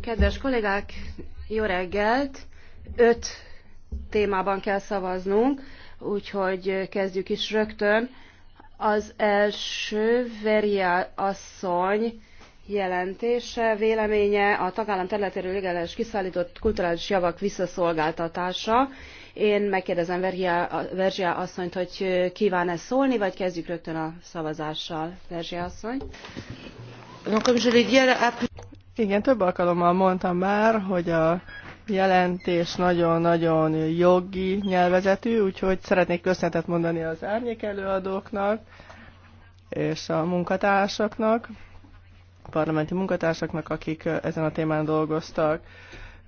Kedves kollégák, jó reggelt! Öt témában kell szavaznunk, úgyhogy kezdjük is rögtön. Az első Veria asszony jelentése, véleménye a tagállam területéről illegális kiszállított kulturális javak visszaszolgáltatása. Én megkérdezem vergiat asszonyt, hogy kíván-e szólni, vagy kezdjük rögtön a szavazással, vergiat asszony. Igen, több alkalommal mondtam már, hogy a jelentés nagyon-nagyon jogi nyelvezetű, úgyhogy szeretnék köszönetet mondani az árnyék előadóknak és a munkatársaknak, a parlamenti munkatársaknak, akik ezen a témán dolgoztak.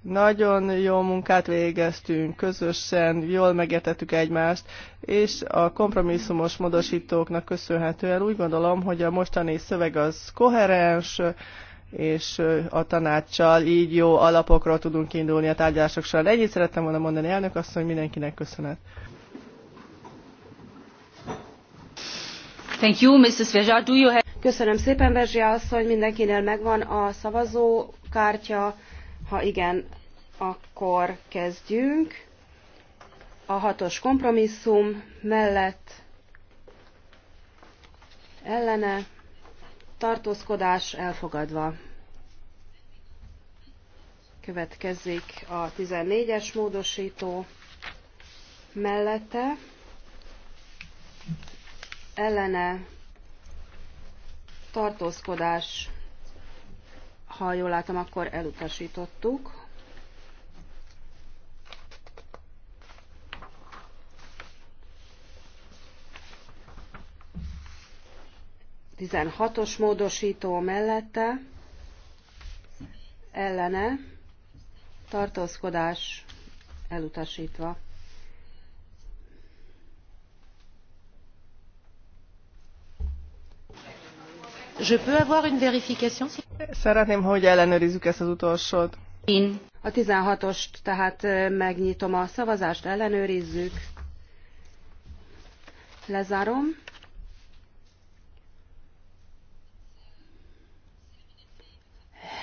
Nagyon jó munkát végeztünk, közösen jól megértettük egymást, és a kompromisszumos módosítóknak köszönhetően úgy gondolom, hogy a mostani szöveg az koherens, és a tanácssal így jó alapokról tudunk indulni a tárgyalások során. Ennyit szerettem volna mondani, elnök azt, hogy mindenkinek köszönet. Thank you, Mrs. Vezsa. Do you have... Köszönöm szépen, Vezsia asszony, mindenkinél megvan a szavazókártya. Ha igen, akkor kezdjünk. A hatos kompromisszum mellett ellene tartózkodás elfogadva. Következik a 14-es módosító mellette ellene tartózkodás, ha jól látom, akkor elutasítottuk. 16-os módosító mellette ellene tartózkodás elutasítva. Je peux avoir une vérification? Szeretném, hogy ellenőrizzük ezt az utolsót. In. A 16-ost, tehát megnyitom a szavazást, ellenőrizzük. Lezárom.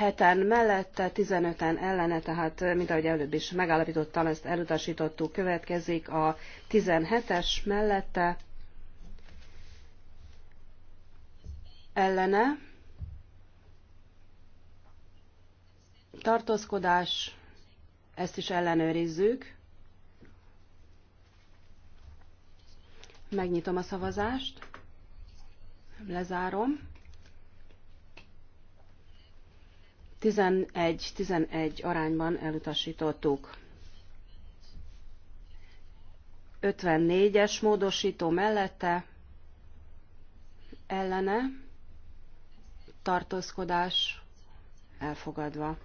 heten mellette, 15-en ellene, tehát eh, mint ahogy előbb is megállapítottam, ezt elutasítottuk. Következik a 17-es mellette, ellene, tartózkodás, ezt is ellenőrizzük. Megnyitom a szavazást, lezárom. 11-11 arányban elutasítottuk. 54-es módosító mellette ellene tartózkodás elfogadva.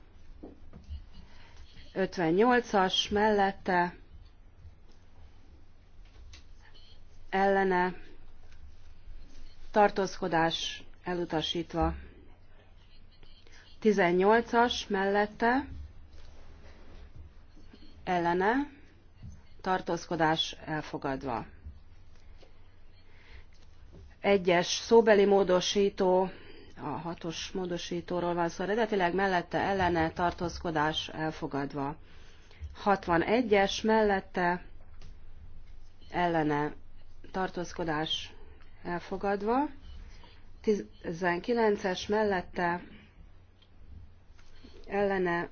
58-as mellette ellene tartózkodás elutasítva. 18-as mellette ellene tartózkodás elfogadva. Egyes szóbeli módosító, a hatos módosítóról van szó, eredetileg mellette ellene tartózkodás elfogadva. 61-es mellette ellene tartózkodás elfogadva. 19-es mellette ellene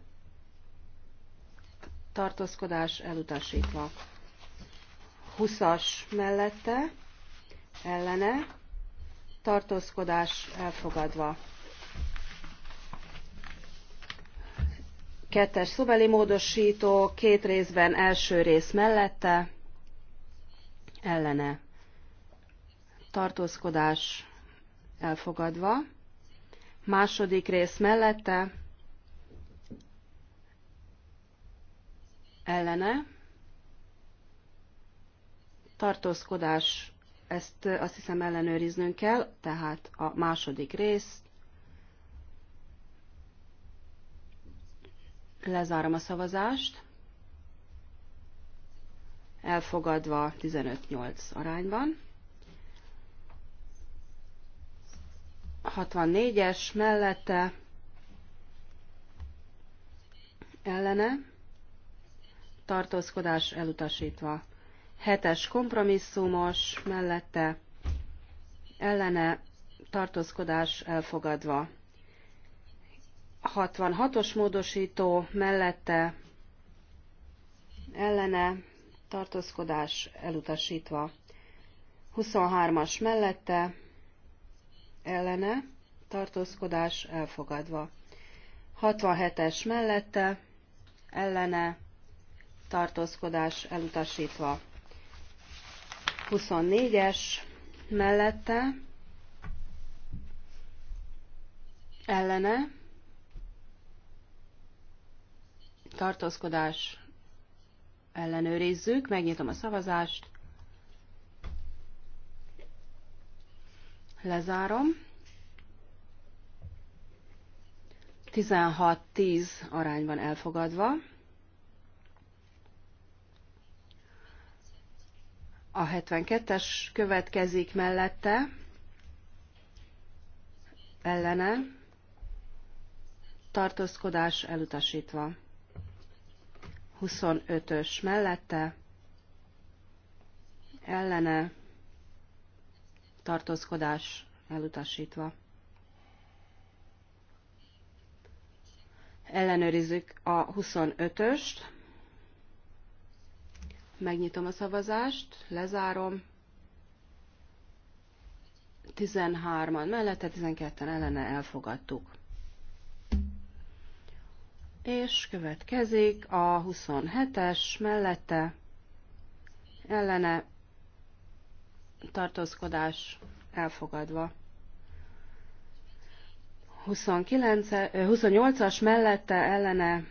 tartózkodás elutasítva. 20-as mellette ellene tartózkodás elfogadva. Kettes szobeli módosító, két részben első rész mellette, ellene tartózkodás elfogadva, második rész mellette, ellene tartózkodás, ezt azt hiszem ellenőriznünk kell, tehát a második rész. Lezárom a szavazást. Elfogadva 15-8 arányban. 64-es mellette ellene tartózkodás elutasítva. Hetes kompromisszumos mellette ellene tartózkodás elfogadva. 66-os módosító mellette ellene tartózkodás elutasítva. 23-as mellette ellene tartózkodás elfogadva. 67-es mellette ellene tartózkodás elutasítva. 24-es mellette ellene tartózkodás ellenőrizzük, megnyitom a szavazást, lezárom, 16-10 arányban elfogadva, A 72-es következik mellette, ellene, tartózkodás elutasítva. 25-ös mellette, ellene, tartózkodás elutasítva. Ellenőrizzük a 25-öst. Megnyitom a szavazást, lezárom. 13-an mellette, 12-en ellene elfogadtuk. És következik a 27-es mellette ellene tartózkodás elfogadva. 28-as eh, mellette ellene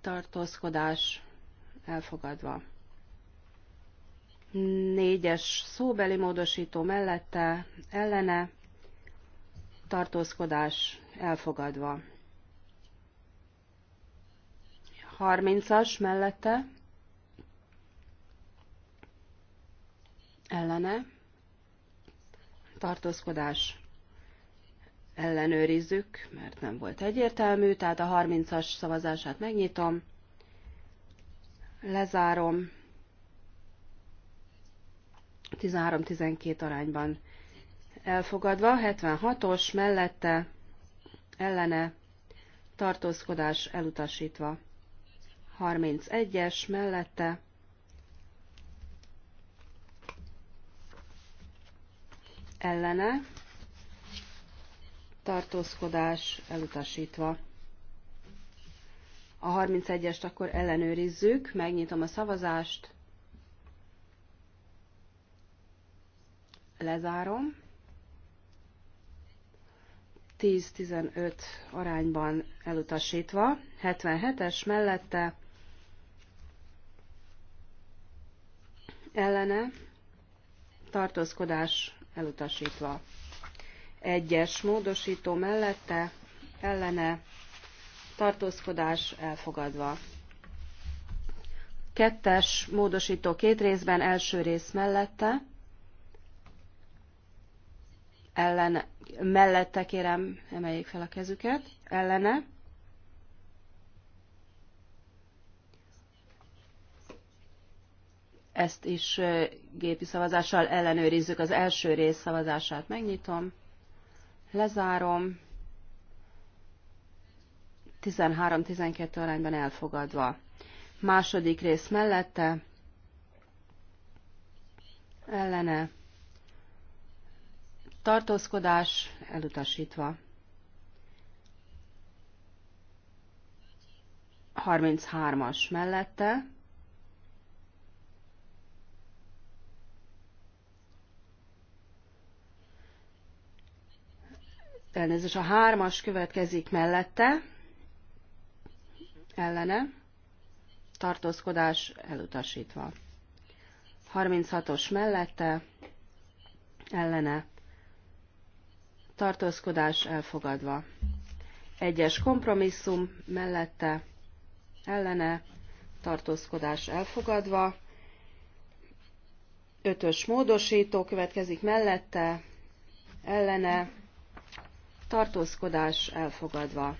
tartózkodás elfogadva négyes szóbeli módosító mellette ellene tartózkodás elfogadva. 30-as mellette ellene tartózkodás ellenőrizzük, mert nem volt egyértelmű, tehát a 30-as szavazását megnyitom, lezárom, 13-12 arányban elfogadva, 76-os mellette ellene tartózkodás elutasítva, 31-es mellette ellene tartózkodás elutasítva. A 31-est akkor ellenőrizzük, megnyitom a szavazást. Lezárom. 10-15 arányban elutasítva. 77-es mellette ellene tartózkodás elutasítva. Egyes módosító mellette ellene tartózkodás elfogadva. Kettes módosító két részben első rész mellette ellen, mellette kérem, emeljék fel a kezüket, ellene. Ezt is gépi szavazással ellenőrizzük. Az első rész szavazását megnyitom, lezárom. 13-12 arányban elfogadva. Második rész mellette, ellene tartózkodás elutasítva. 33-as mellette, elnézést, a hármas következik mellette, ellene, tartózkodás elutasítva. 36-os mellette, ellene, tartózkodás elfogadva. Egyes kompromisszum mellette ellene tartózkodás elfogadva. Ötös módosító következik mellette ellene tartózkodás elfogadva.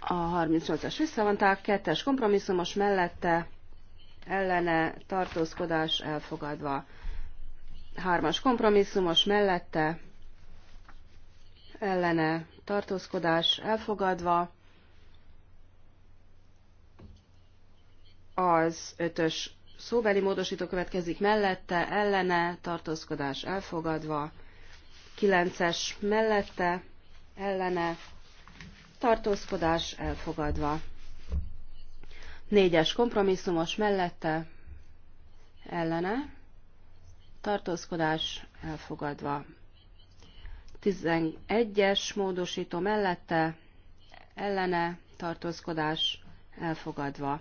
A 38-as visszavonták, kettes kompromisszumos mellette ellene tartózkodás elfogadva. Hármas kompromisszumos mellette ellene tartózkodás elfogadva. Az ötös szóbeli módosító következik mellette, ellene tartózkodás elfogadva. Kilences mellette, ellene tartózkodás elfogadva. Négyes kompromisszumos mellette ellene tartózkodás elfogadva. 11-es módosító mellette ellene tartózkodás elfogadva.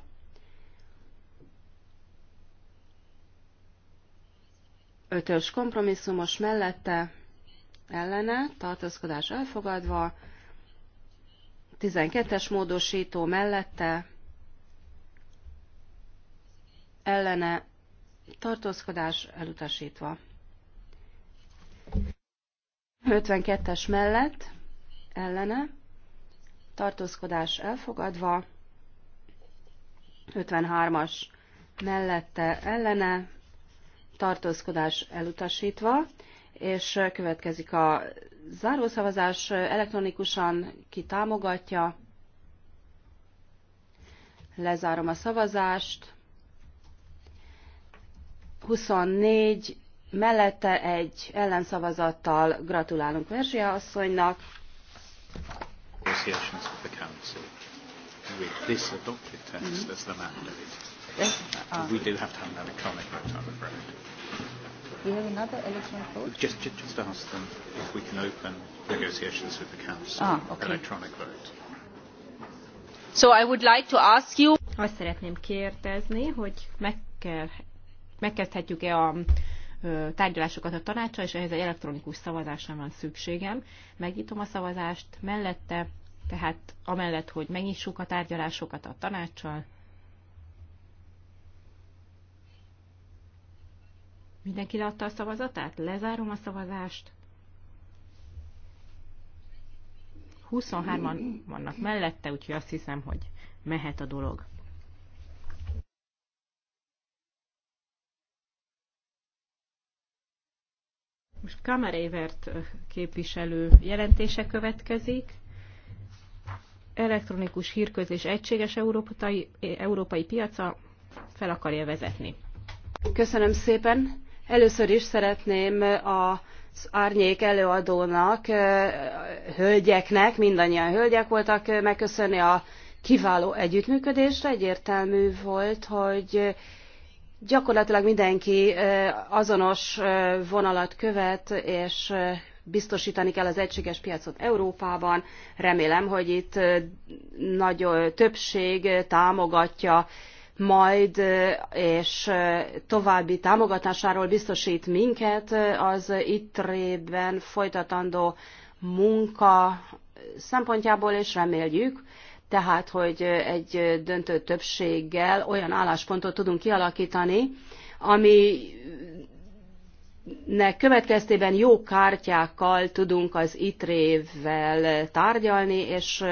Ötös kompromisszumos mellette ellene tartózkodás elfogadva. 12-es módosító mellette ellene tartózkodás elutasítva. 52-es mellett ellene tartózkodás elfogadva, 53-as mellette ellene tartózkodás elutasítva, és következik a zárószavazás elektronikusan, ki támogatja. Lezárom a szavazást. 24 mellette egy ellenszavazattal gratulálunk Verzsia asszonynak. We do mm-hmm. ah. have to have an electronic vote, I'm afraid. Do you have another electronic vote? Just, just, just ask them if we can open negotiations with the Council, ah, okay. electronic vote. So I would like to ask you... Azt szeretném kérdezni, hogy meg kell megkezdhetjük-e a tárgyalásokat a tanácsa, és ehhez egy elektronikus szavazásra van szükségem. Megnyitom a szavazást mellette, tehát amellett, hogy megnyissuk a tárgyalásokat a tanácssal, Mindenki leadta a szavazatát? Lezárom a szavazást. 23-an vannak mellette, úgyhogy azt hiszem, hogy mehet a dolog. Most Kamerévert képviselő jelentése következik. Elektronikus hírközlés egységes európai, európai piaca fel akarja vezetni. Köszönöm szépen. Először is szeretném a az árnyék előadónak, hölgyeknek, mindannyian hölgyek voltak, megköszönni a kiváló együttműködést. Egyértelmű volt, hogy gyakorlatilag mindenki azonos vonalat követ, és biztosítani kell az egységes piacot Európában. Remélem, hogy itt nagy többség támogatja majd és további támogatásáról biztosít minket az itt rében folytatandó munka szempontjából, és reméljük, tehát hogy egy döntő többséggel olyan álláspontot tudunk kialakítani, ami nek következtében jó kártyákkal tudunk az ITRÉ-vel tárgyalni, és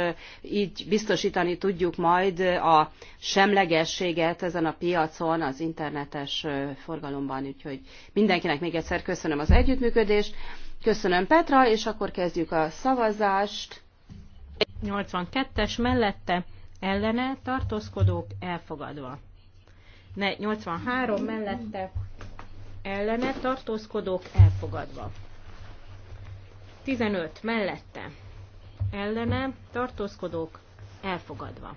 így biztosítani tudjuk majd a semlegességet ezen a piacon, az internetes forgalomban. Úgyhogy mindenkinek még egyszer köszönöm az együttműködést, köszönöm Petra, és akkor kezdjük a szavazást. 82-es mellette ellene tartózkodók elfogadva. Ne, 83 mellette ellene tartózkodók elfogadva. 15 mellette ellene tartózkodók elfogadva.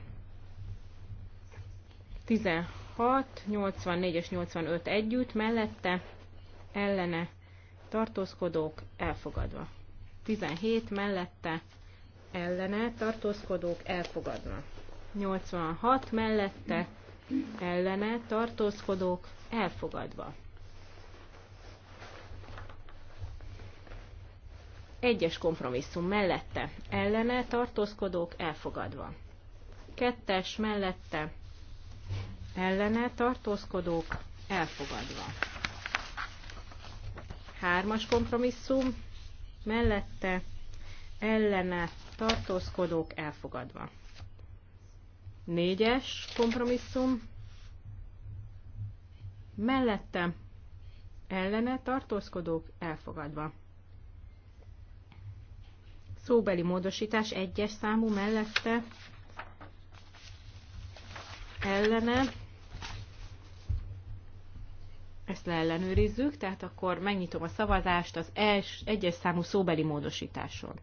16, 84 és 85 együtt mellette ellene tartózkodók elfogadva. 17 mellette ellene tartózkodók elfogadva. 86 mellette ellene tartózkodók elfogadva. Egyes kompromisszum mellette ellene tartózkodók elfogadva. Kettes mellette ellene tartózkodók elfogadva. Hármas kompromisszum mellette ellene tartózkodók elfogadva. Négyes kompromisszum mellette ellene tartózkodók elfogadva. Szóbeli módosítás egyes számú mellette ellene ezt leellenőrizzük, tehát akkor megnyitom a szavazást az els, egyes számú szóbeli módosításon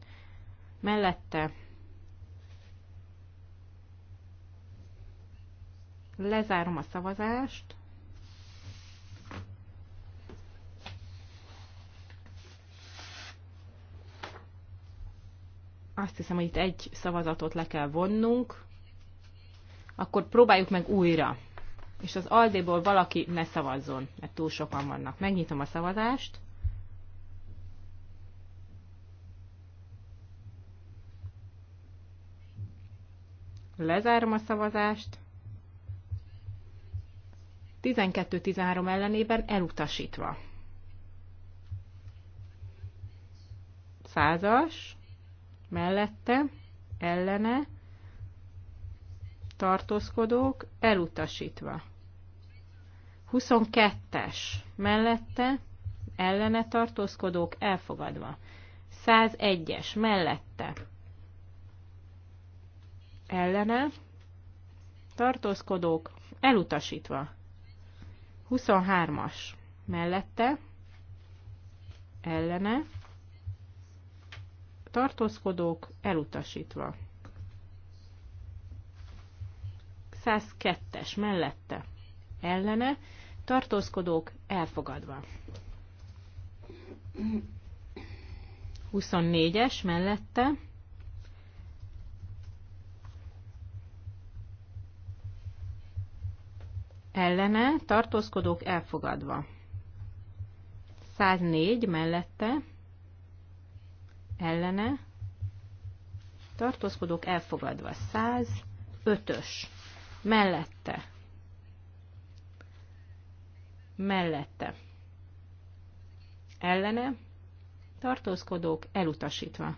mellette lezárom a szavazást, azt hiszem, hogy itt egy szavazatot le kell vonnunk, akkor próbáljuk meg újra. És az aldéból valaki ne szavazzon, mert túl sokan vannak. Megnyitom a szavazást. Lezárom a szavazást. 12-13 ellenében elutasítva. Százas, mellette, ellene, tartózkodók, elutasítva. 22-es, mellette, ellene tartózkodók, elfogadva. 101-es, mellette, ellene, tartózkodók elutasítva. 23-as mellette, ellene, tartózkodók elutasítva. 102-es mellette, ellene, tartózkodók elfogadva. 24-es mellette, ellene, tartózkodók elfogadva. 104 mellette, ellene, tartózkodók elfogadva. 105-ös mellette, mellette, ellene, tartózkodók elutasítva.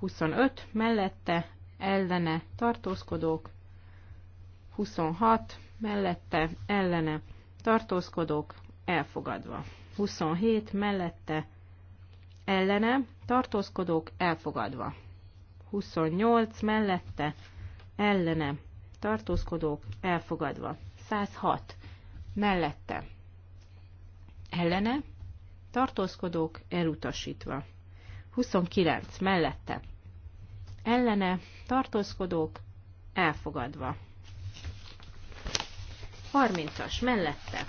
25 mellette, ellene, tartózkodók 26 mellette ellene tartózkodók elfogadva. 27 mellette ellene tartózkodók elfogadva. 28 mellette ellene tartózkodók elfogadva. 106 mellette ellene tartózkodók elutasítva. 29 mellette ellene tartózkodók elfogadva. 30-as mellette.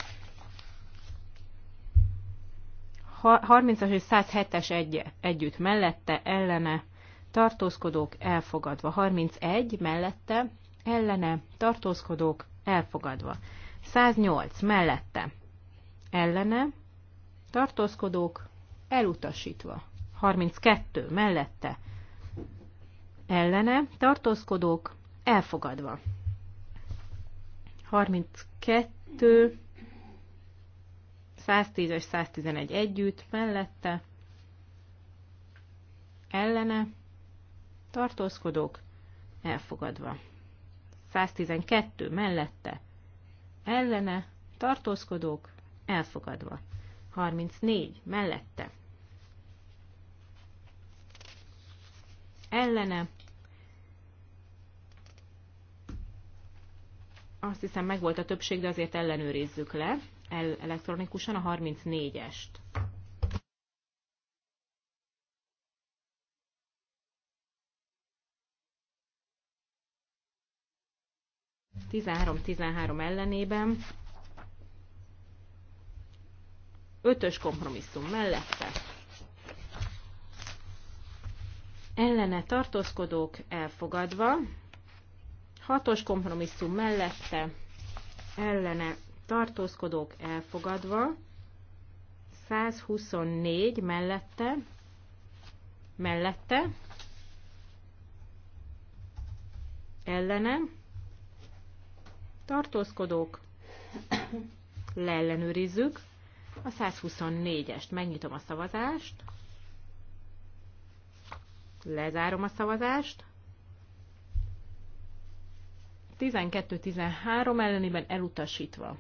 30-as és 107-es egy, együtt mellette, ellene, tartózkodók elfogadva. 31 mellette, ellene, tartózkodók elfogadva. 108 mellette, ellene, tartózkodók elutasítva. 32 mellette, ellene, tartózkodók elfogadva. 32, 110 és 111 együtt, mellette, ellene, tartózkodók, elfogadva. 112 mellette, ellene, tartózkodók, elfogadva. 34 mellette, ellene, Azt hiszem megvolt a többség, de azért ellenőrizzük le el elektronikusan a 34-est. Tizenhárom, tizenhárom ellenében. Ötös kompromisszum mellette. Ellene tartózkodók elfogadva. Hatos kompromisszum mellette ellene tartózkodók elfogadva, 124 mellette, mellette, ellene, tartózkodók, leellenőrizzük a 124-est. Megnyitom a szavazást, lezárom a szavazást, 12-13 ellenében elutasítva.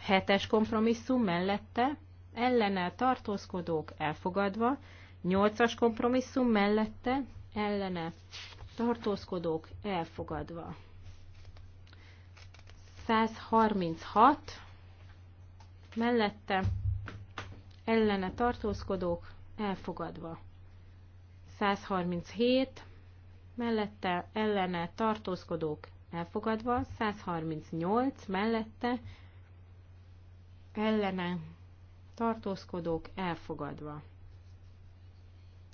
Hetes kompromisszum mellette ellene tartózkodók elfogadva, 8-as kompromisszum mellette ellene tartózkodók elfogadva. 136 mellette ellene tartózkodók elfogadva. 137 mellette ellene tartózkodók elfogadva, 138 mellette ellene tartózkodók elfogadva.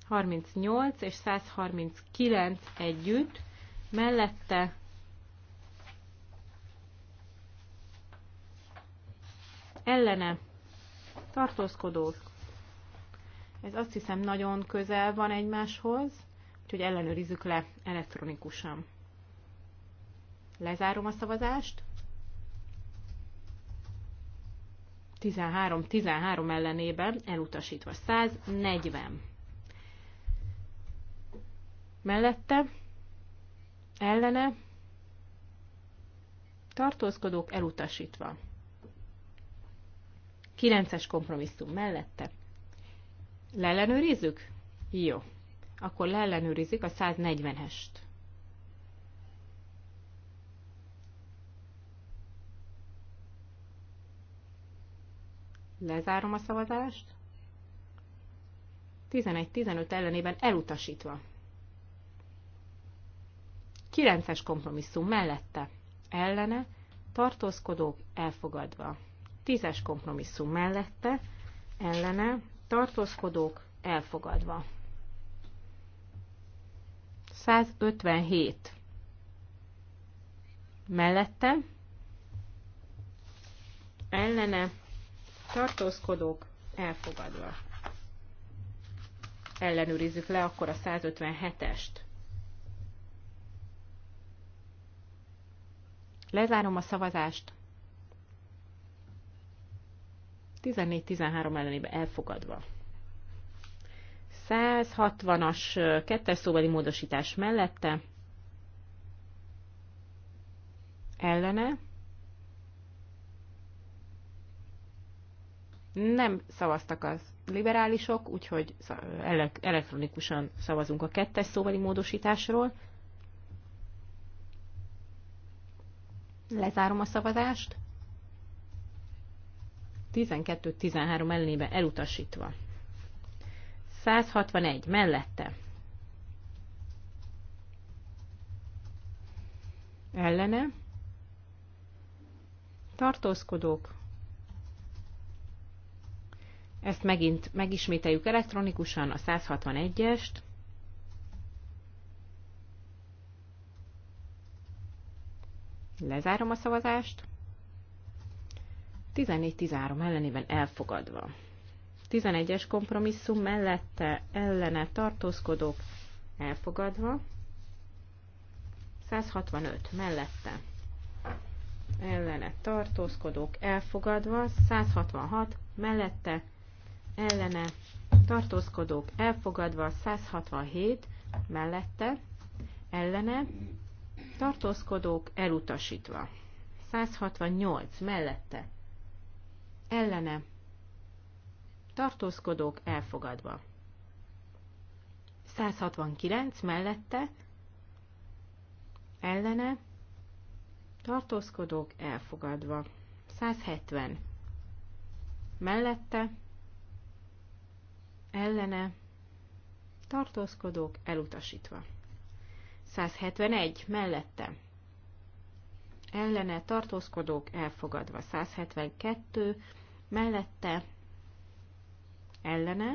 38 és 139 együtt, mellette ellene tartózkodók. Ez azt hiszem nagyon közel van egymáshoz. Úgyhogy ellenőrizzük le elektronikusan. Lezárom a szavazást. 13-13 ellenében elutasítva 140. Mellette ellene tartózkodók elutasítva. 9-es kompromisszum mellette. Leellenőrizzük? Jó akkor leellenőrizik a 140-est. Lezárom a szavazást. 11-15 ellenében elutasítva. 9-es kompromisszum mellette, ellene, tartózkodók elfogadva. 10-es kompromisszum mellette, ellene, tartózkodók elfogadva. 157 mellette, ellene, tartózkodók, elfogadva. Ellenőrizzük le akkor a 157-est. Lezárom a szavazást. 14-13 ellenében elfogadva. 160-as kettes szóbeli módosítás mellette ellene nem szavaztak az liberálisok, úgyhogy elektronikusan szavazunk a kettes szóbeli módosításról. Lezárom a szavazást. 12-13 ellenében elutasítva. 161 mellette. Ellene. Tartózkodók. Ezt megint megismételjük elektronikusan a 161-est. Lezárom a szavazást. 14-13 ellenében elfogadva. 11-es kompromisszum mellette ellene tartózkodók elfogadva, 165 mellette ellene tartózkodók elfogadva, 166 mellette ellene tartózkodók elfogadva, 167 mellette ellene tartózkodók elutasítva, 168 mellette ellene tartózkodók elfogadva. 169 mellette ellene tartózkodók elfogadva. 170 mellette ellene tartózkodók elutasítva. 171 mellette ellene tartózkodók elfogadva. 172 mellette ellene.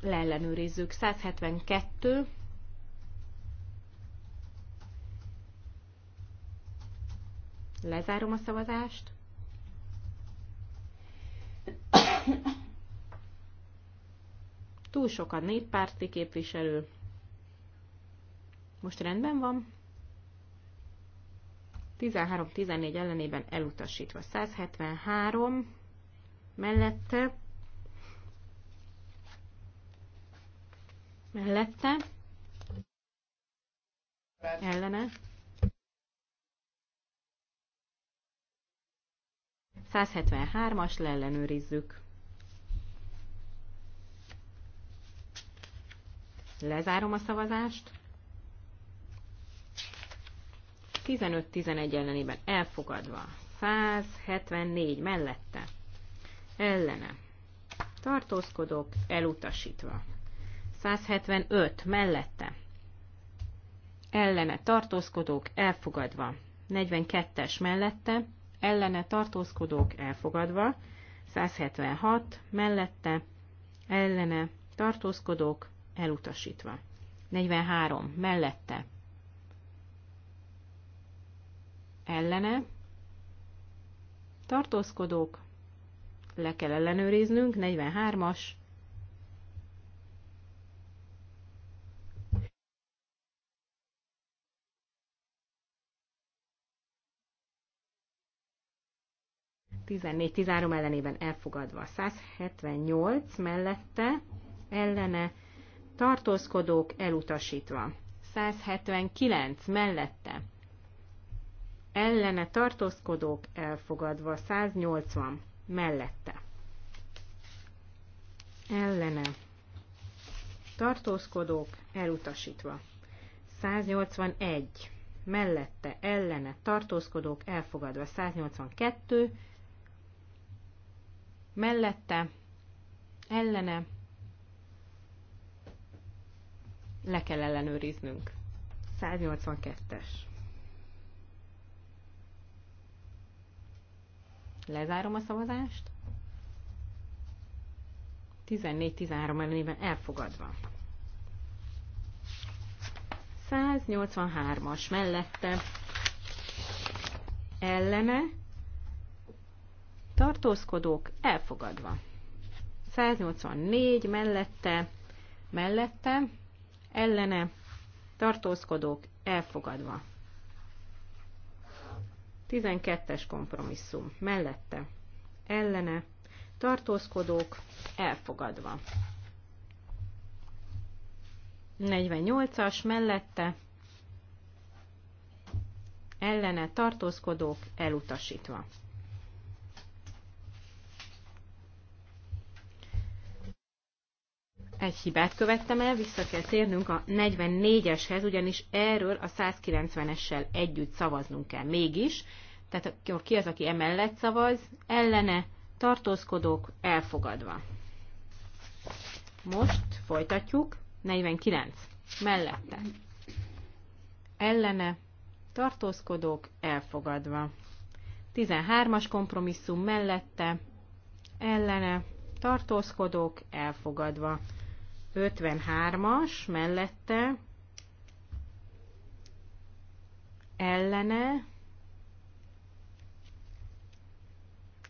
Leellenőrizzük. 172. Lezárom a szavazást. Túl sok a néppárti képviselő. Most rendben van? 13-14 ellenében elutasítva. 173 mellette, mellette, ellene, 173-as leellenőrizzük. Lezárom a szavazást. 15-11 ellenében elfogadva. 174 mellette ellene. Tartózkodok, elutasítva. 175 mellette. Ellene tartózkodók elfogadva. 42-es mellette. Ellene tartózkodók elfogadva. 176 mellette. Ellene tartózkodók elutasítva. 43 mellette. Ellene tartózkodók le kell ellenőriznünk, 43-as. Tizennégy, 13 ellenében elfogadva. 178 mellette ellene tartózkodók elutasítva. 179 mellette ellene tartózkodók elfogadva 180 mellette. Ellene. Tartózkodók elutasítva. 181. Mellette, ellene, tartózkodók elfogadva. 182. Mellette, ellene. Le kell ellenőriznünk. 182-es. Lezárom a szavazást. 14-13 ellenében elfogadva. 183-as mellette ellene tartózkodók elfogadva. 184 mellette mellette ellene tartózkodók elfogadva. 12-es kompromisszum. Mellette. Ellene. Tartózkodók. Elfogadva. 48-as. Mellette. Ellene. Tartózkodók. Elutasítva. egy hibát követtem el, vissza kell térnünk a 44-eshez, ugyanis erről a 190-essel együtt szavaznunk kell mégis. Tehát ki az, aki emellett szavaz, ellene, tartózkodók, elfogadva. Most folytatjuk, 49, mellette. Ellene, tartózkodók, elfogadva. 13-as kompromisszum mellette, ellene, tartózkodók, elfogadva. 53-as mellette ellene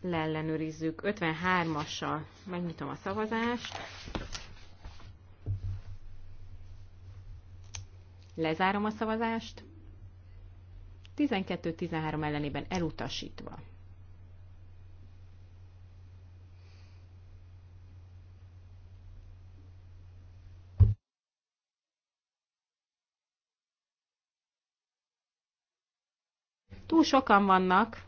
leellenőrizzük. 53-assal megnyitom a szavazást. Lezárom a szavazást. 12-13 ellenében elutasítva. Túl sokan vannak.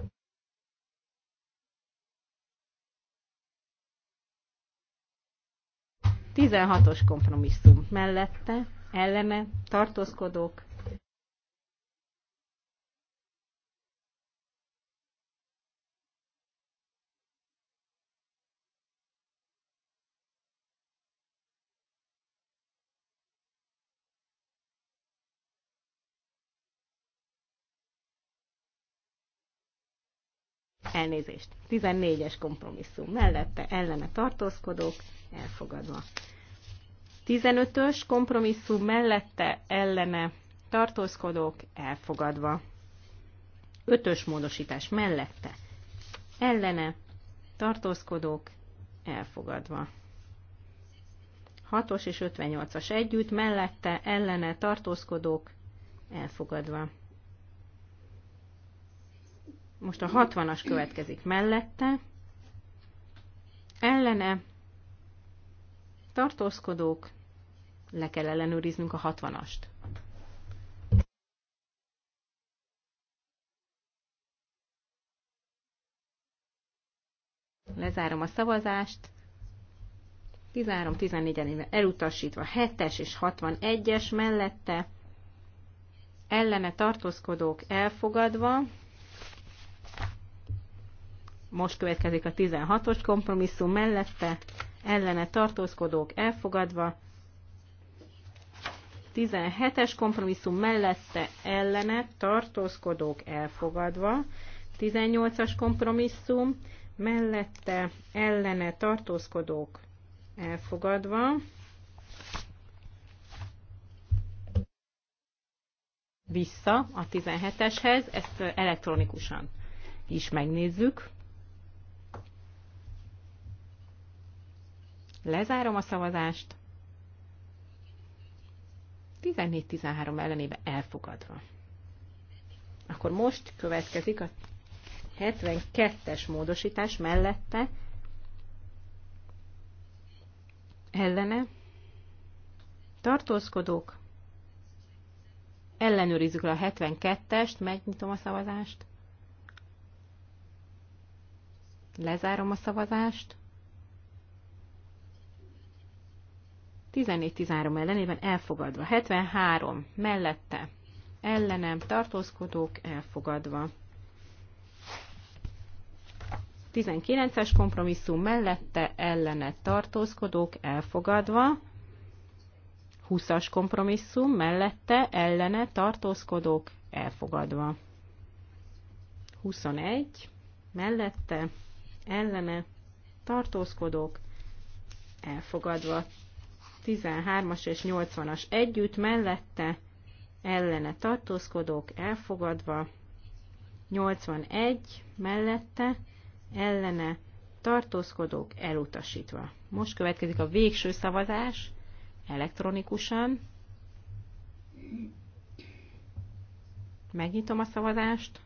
Tizenhatos kompromisszum mellette, ellene, tartózkodók, elnézést, 14-es kompromisszum mellette ellene tartózkodók elfogadva. 15-ös kompromisszum mellette ellene tartózkodók elfogadva. 5-ös módosítás mellette ellene tartózkodók elfogadva. 6-os és 58-as együtt mellette ellene tartózkodók elfogadva. Most a 60-as következik mellette. Ellene tartózkodók, le kell ellenőriznünk a 60-ast. Lezárom a szavazást. 13-14 en elutasítva 7-es és 61-es mellette ellene tartózkodók elfogadva, most következik a 16-os kompromisszum mellette, ellene tartózkodók elfogadva. 17-es kompromisszum mellette, ellene tartózkodók elfogadva. 18-as kompromisszum mellette, ellene tartózkodók elfogadva. Vissza a 17-eshez, ezt elektronikusan is megnézzük. Lezárom a szavazást. 14-13 ellenébe elfogadva. Akkor most következik a 72-es módosítás mellette ellene tartózkodók, ellenőrizzük le a 72-est, megnyitom a szavazást, lezárom a szavazást, 14-13 ellenében elfogadva. 73 mellette ellenem tartózkodók elfogadva. 19-es kompromisszum mellette ellene tartózkodók elfogadva. 20-as kompromisszum mellette ellene tartózkodók elfogadva. 21 mellette ellene tartózkodók elfogadva. 13-as és 80-as együtt, mellette ellene tartózkodók elfogadva, 81 mellette ellene tartózkodók elutasítva. Most következik a végső szavazás elektronikusan. Megnyitom a szavazást,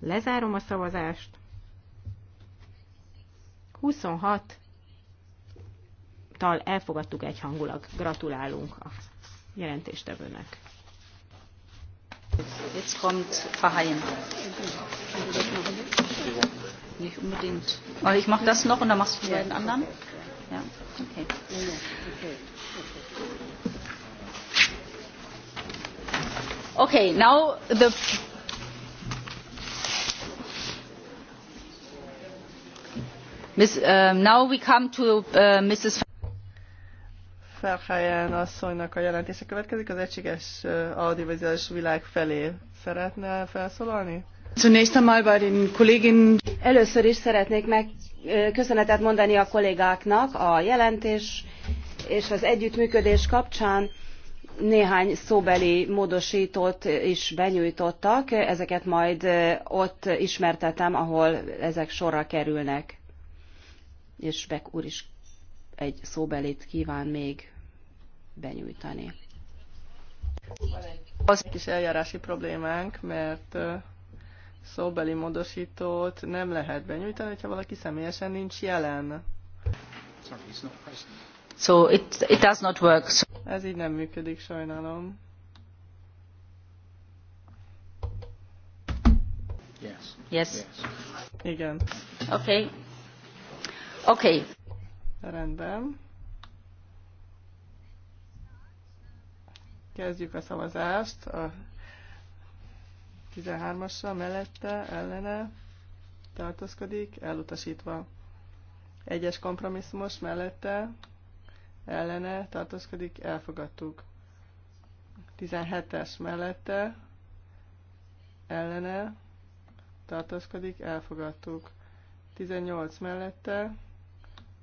lezárom a szavazást. 26 tal elfogadtuk egyhangulag. Gratulálunk a jelentéstevőnek. Jetzt kommt Verheyen. Nicht unbedingt. Aber oh, ich mache das noch und dann machst du die beiden anderen. Ja, okay. Okay, now the uh, now we come to uh, mrs. Szerhelyen asszonynak a jelentése következik, az egységes audiovizuális világ felé. Szeretne felszólalni? Először is szeretnék meg köszönetet mondani a kollégáknak a jelentés és az együttműködés kapcsán néhány szóbeli módosítót is benyújtottak, ezeket majd ott ismertetem, ahol ezek sorra kerülnek. És Beck úr is egy szóbelit kíván még benyújtani. Az kis eljárási problémánk, mert szóbeli módosítót nem lehet benyújtani, ha valaki személyesen nincs jelen. So it, it does not work. So... Ez így nem működik, sajnálom. Yes. Yes. yes. Igen. Okay. Okay. Rendben. Kezdjük a szavazást. A 13-asra mellette, ellene tartózkodik, elutasítva. Egyes kompromisszumos mellette, ellene tartózkodik, elfogadtuk. 17-es mellette, ellene tartózkodik, elfogadtuk. 18 mellette,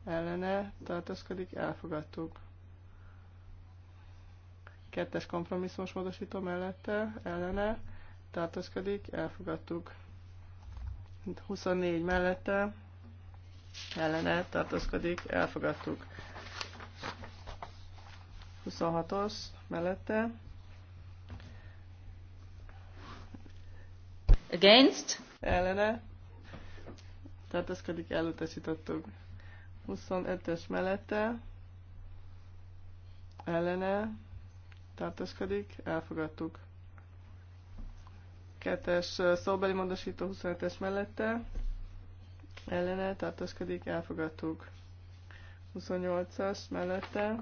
ellene tartózkodik, elfogadtuk. Kettes kompromisszumos módosító mellette ellene tartózkodik, elfogadtuk. 24 mellette ellene tartózkodik, elfogadtuk. 26-os mellette. Against? Ellene. Tartózkodik, elutasítottuk. 25-ös mellette ellene tartozkodik, elfogadtuk. 2-es szóbeli módosító 25-es mellette ellene tartozkodik, elfogadtuk. 28-as mellette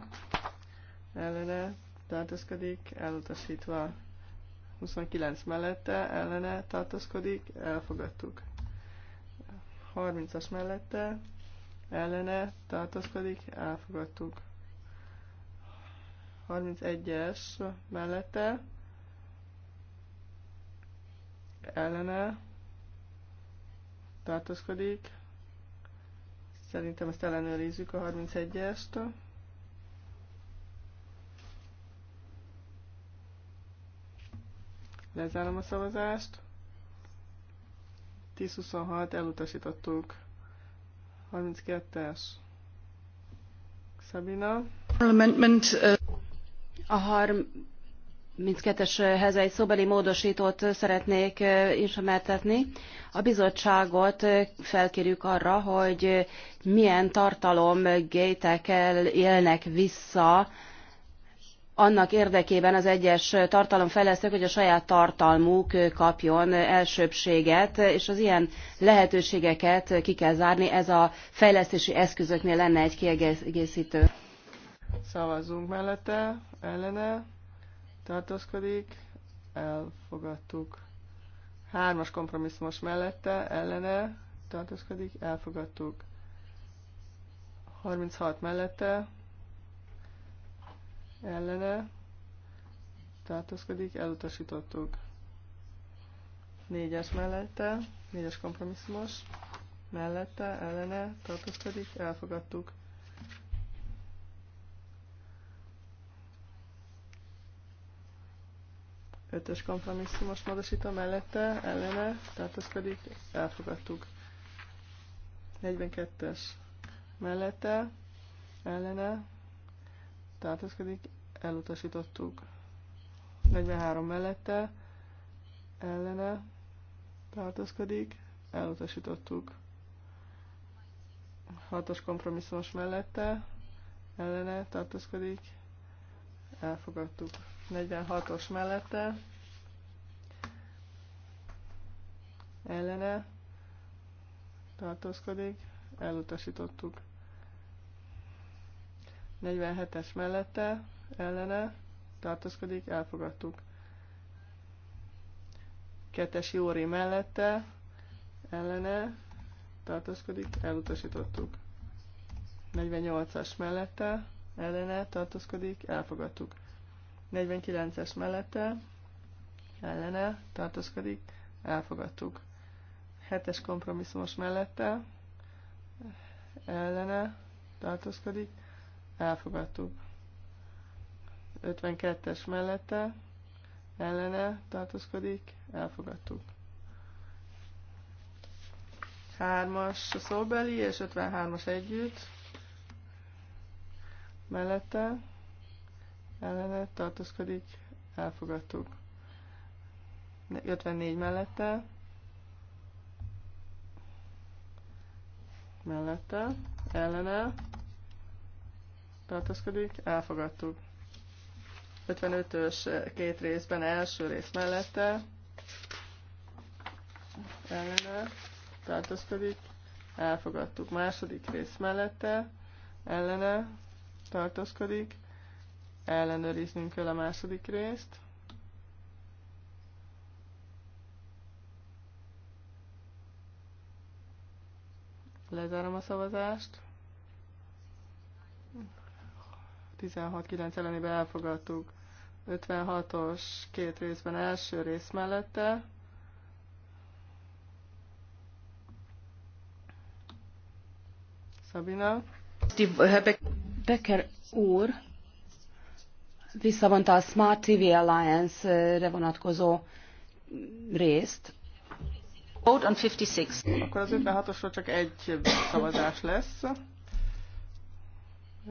ellene tartozkodik, elutasítva. 29 mellette ellene tartozkodik, elfogadtuk. 30-as mellette ellene tartozkodik, elfogadtuk. 31-es mellette ellene tartozkodik. Szerintem ezt ellenőrizzük a 31-est. Lezárom a szavazást. 10-26 elutasítottuk. 32-es. Szabina. A 32-eshez egy szóbeli módosítót szeretnék ismertetni. A bizottságot felkérjük arra, hogy milyen tartalom gétekkel élnek vissza annak érdekében az egyes tartalomfejlesztők, hogy a saját tartalmuk kapjon elsőbséget, és az ilyen lehetőségeket ki kell zárni. Ez a fejlesztési eszközöknél lenne egy kiegészítő. Szavazzunk mellette, ellene, tartózkodik, elfogadtuk. Hármas kompromisszumos mellette, ellene, tartózkodik, elfogadtuk. 36 mellette, ellene tartózkodik, elutasítottuk. Négyes mellette, négyes kompromisszumos, mellette, ellene tartózkodik, elfogadtuk. Ötös kompromisszumos módosító mellette, ellene tartózkodik, elfogadtuk. 42-es mellette, ellene tartózkodik, elutasítottuk. 43 mellette, ellene, tartózkodik, elutasítottuk. 6-os kompromisszumos mellette, ellene, tartózkodik, elfogadtuk. 46-os mellette, ellene, tartózkodik, elutasítottuk. 47-es mellette, ellene, tartózkodik, elfogadtuk. Kettes Jóri mellette, ellene, tartózkodik, elutasítottuk. 48-as mellette, ellene, tartózkodik, elfogadtuk. 49-es mellette, ellene, tartózkodik, elfogadtuk. 7-es kompromisszumos mellette, ellene, tartózkodik, elfogadtuk. 52-es mellette ellene tartózkodik, elfogadtuk. 3-as szóbeli és 53-as együtt mellette ellene tartózkodik, elfogadtuk. 54 mellette mellette ellene tartózkodik, elfogadtuk. 55-ös két részben első rész mellette ellenőr, tartózkodik, elfogadtuk. Második rész mellette ellene tartózkodik, ellenőriznünk kell a második részt. Lezárom a szavazást. 16-9 ellenében elfogadtuk. 56-os két részben első rész mellette. Szabina. Becker úr visszavonta a Smart TV Alliance-re vonatkozó részt. Vote on 56. Akkor az 56-osról csak egy szavazás lesz.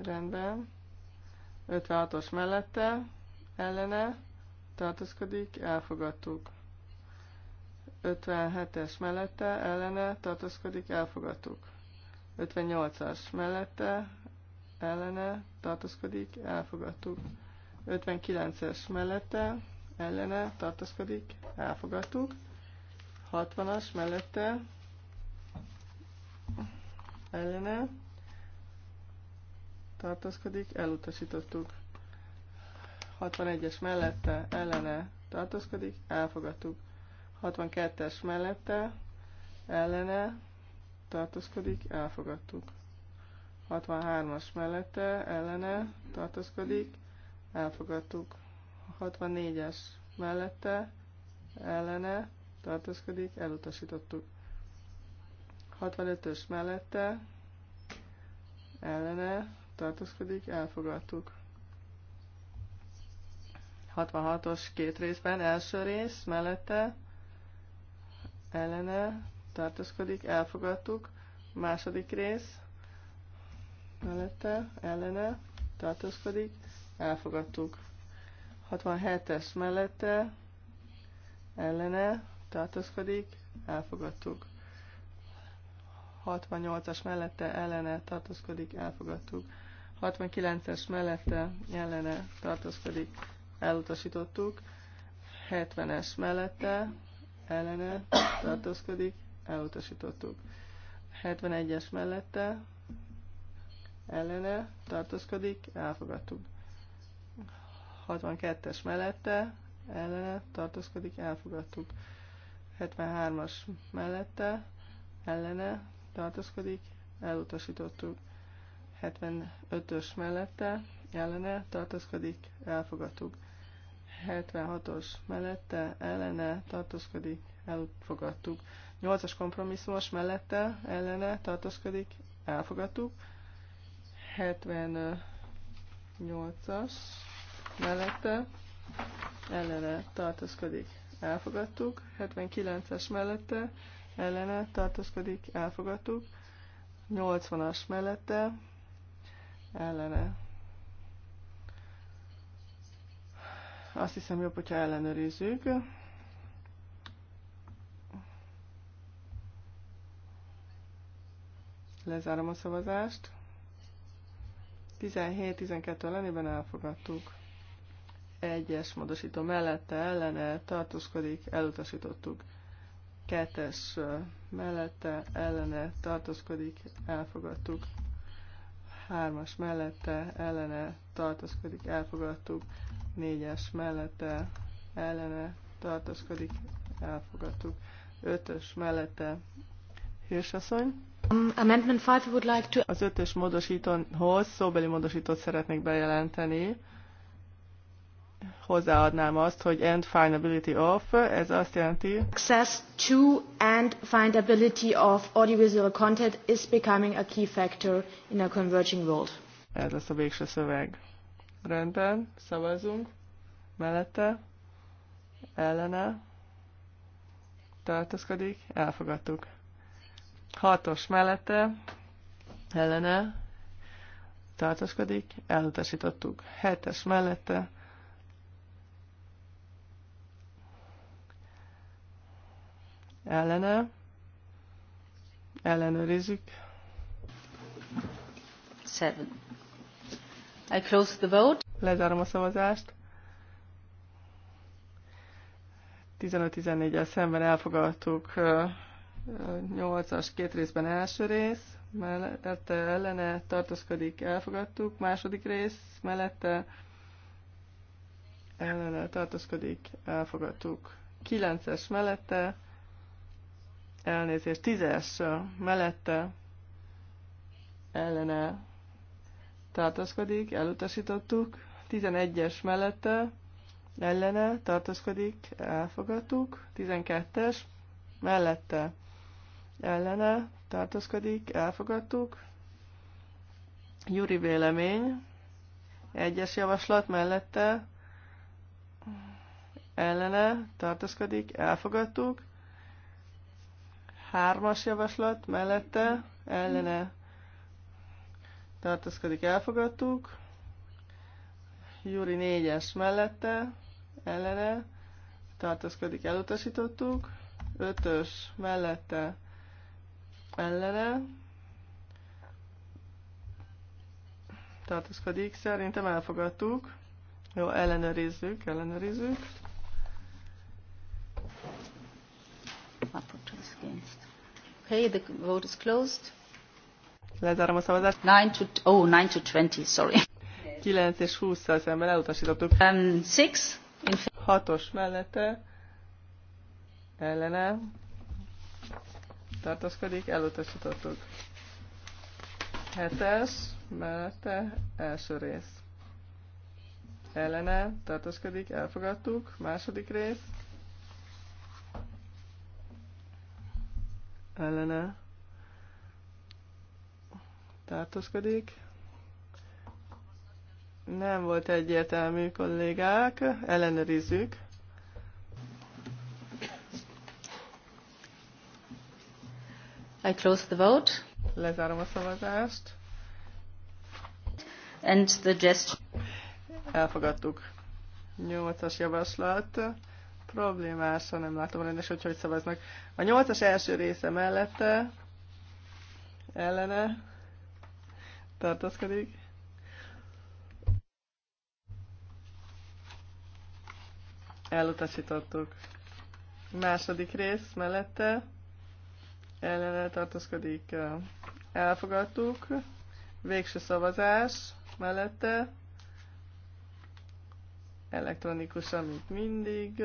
Rendben. 56-os mellette, ellene, tartózkodik, elfogadtuk. 57-es mellette, ellene, tartózkodik, elfogadtuk. 58-as mellette, ellene, tartózkodik, elfogadtuk. 59-es mellette, ellene, tartózkodik, elfogadtuk. 60-as mellette, ellene, tartózkodik, elutasítottuk. 61-es mellette, ellene tartózkodik, elfogadtuk. 62-es mellette, ellene tartózkodik, elfogadtuk. 63-as mellette, ellene tartózkodik, elfogadtuk. 64-es mellette, ellene tartózkodik, elutasítottuk. 65-ös mellette, ellene tartózkodik, elfogadtuk. 66-os két részben, első rész mellette, ellene, tartózkodik, elfogadtuk. Második rész, mellette, ellene, tartózkodik, elfogadtuk. 67-es mellette, ellene, tartózkodik, elfogadtuk. 68-as mellette, ellene, tartózkodik, elfogadtuk. 69-es mellette ellene tartózkodik, elutasítottuk. 70-es mellette ellene tartózkodik, elutasítottuk. 71-es mellette ellene tartózkodik, elfogadtuk. 62-es mellette ellene tartózkodik, elfogadtuk. 73-as mellette ellene tartózkodik, elutasítottuk. 75-ös mellette ellene tartózkodik, elfogadtuk. 76-os mellette ellene tartózkodik, elfogadtuk. 8-as kompromisszumos mellette ellene tartózkodik, elfogadtuk. 78-as mellette ellene tartózkodik, elfogadtuk. 79-es mellette ellene tartózkodik, elfogadtuk. 80-as mellette ellene. Azt hiszem jobb, hogyha ellenőrizzük. Lezárom a szavazást. 17-12 ellenében elfogadtuk. Egyes módosító mellette ellene tartózkodik, elutasítottuk. Kettes mellette ellene tartózkodik, elfogadtuk hármas mellette ellene tartózkodik, elfogadtuk, négyes mellette ellene tartózkodik, elfogadtuk, ötös mellette Hírsasszony. Um, Az ötös módosítóhoz szóbeli módosítót szeretnék bejelenteni hozzáadnám azt, hogy and findability of, ez azt jelenti, access to and findability of audiovisual content is becoming a key factor in a converging world. Ez lesz a végső szöveg. Rendben, szavazunk. Mellette, ellene, Tartozkodik. elfogadtuk. Hatos mellette, ellene, Tartozkodik. elutasítottuk. Hetes mellette, ellene, ellenőrizzük. Seven. I close the vote. Lezárom a szavazást. 15-14-el szemben elfogadtuk 8-as két részben első rész, mellette ellene tartózkodik, elfogadtuk, második rész mellette ellene tartózkodik, elfogadtuk. 9-es mellette elnézést, tízes mellette ellene tartozkodik elutasítottuk, 11-es mellette ellene tartozkodik elfogadtuk, 12-es mellette ellene tartozkodik elfogadtuk, Júri vélemény, egyes javaslat mellette ellene tartozkodik elfogadtuk, Hármas javaslat mellette ellene tartozkodik, elfogadtuk. Júri négyes mellette ellene tartozkodik, elutasítottuk. Ötös mellette ellene tartozkodik, szerintem elfogadtuk. Jó, ellenőrizzük, ellenőrizzük. Okay, the vote is closed. Lezárom a szavazást. 9 to, oh, 9 to 20, sorry. 9 és 20 szal szemben elutasítottuk. Um, 6-os mellette. Ellene. Tartózkodik, elutasítottuk. 7-es mellette első rész. Ellene tartózkodik, elfogadtuk. Második rész ellene tartózkodik. Nem volt egyértelmű, kollégák, ellenőrizzük. I close the vote. Lezárom a szavazást. And the gesture. Elfogadtuk. Nyolcas javaslat problémás, ha nem látom rendes, hogy hogy szavaznak. A nyolcas első része mellette, ellene tartózkodik. Elutasítottuk. Második rész mellette, ellene tartózkodik. Elfogadtuk. Végső szavazás mellette elektronikusan, mint mindig.